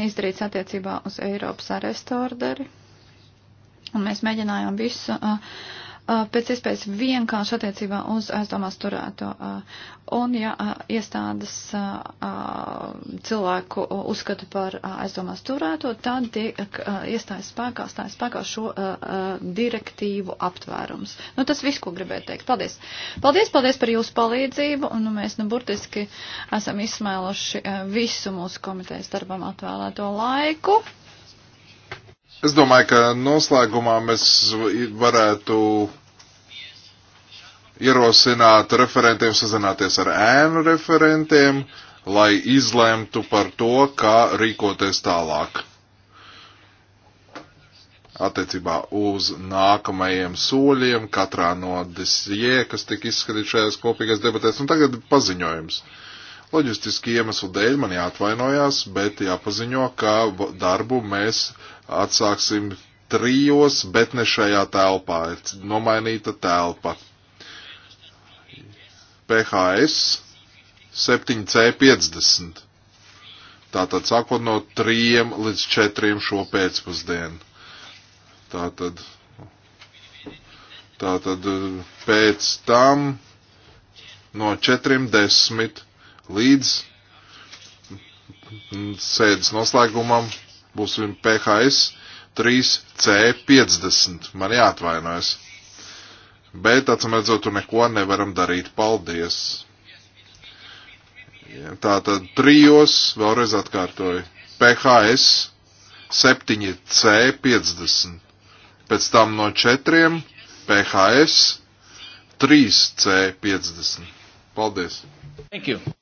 izdarīts attiecībā uz Eiropas arestorderi. Un mēs mēģinājām visu. Uh, Uh, pēc iespējas vienkārši attiecībā uz aizdomās turēto. Uh, un, ja uh, iestādes cilvēku uzskata par aizdomās turēto, tad tiek iestājas spēkā, stājas spēkā šo direktīvu aptvērums. Nu, tas viss, ko gribēju teikt. Paldies! Paldies, paldies par jūsu palīdzību, un nu, mēs, nu, burtiski esam izsmēluši visu mūsu komitejas darbam atvēlēto laiku. Es domāju, ka noslēgumā mēs varētu ierosināt referentiem sazināties ar ēnu referentiem, lai izlemtu par to, kā rīkoties tālāk attiecībā uz nākamajiem soļiem katrā no disjē, kas tika izskatīt šajās kopīgās debatēs. Un tagad paziņojums. Loģistiski iemeslu dēļ man jāatvainojās, bet jāpaziņo, ka darbu mēs atsāksim trijos, bet ne šajā telpā. Nomainīta telpa. PHS 7C50. Tātad sākot no 3 līdz 4 šo pēcpusdienu. Tātad, tātad pēc tam no 4.10 līdz sēdes noslēgumam būs PHS 3C50. Man jāatvainojas. Bet, atsimredzot, tur neko nevaram darīt. Paldies! Tātad trijos, vēlreiz atkārtoju, PHS 7C 50, pēc tam no četriem PHS 3C 50. Paldies! Thank you!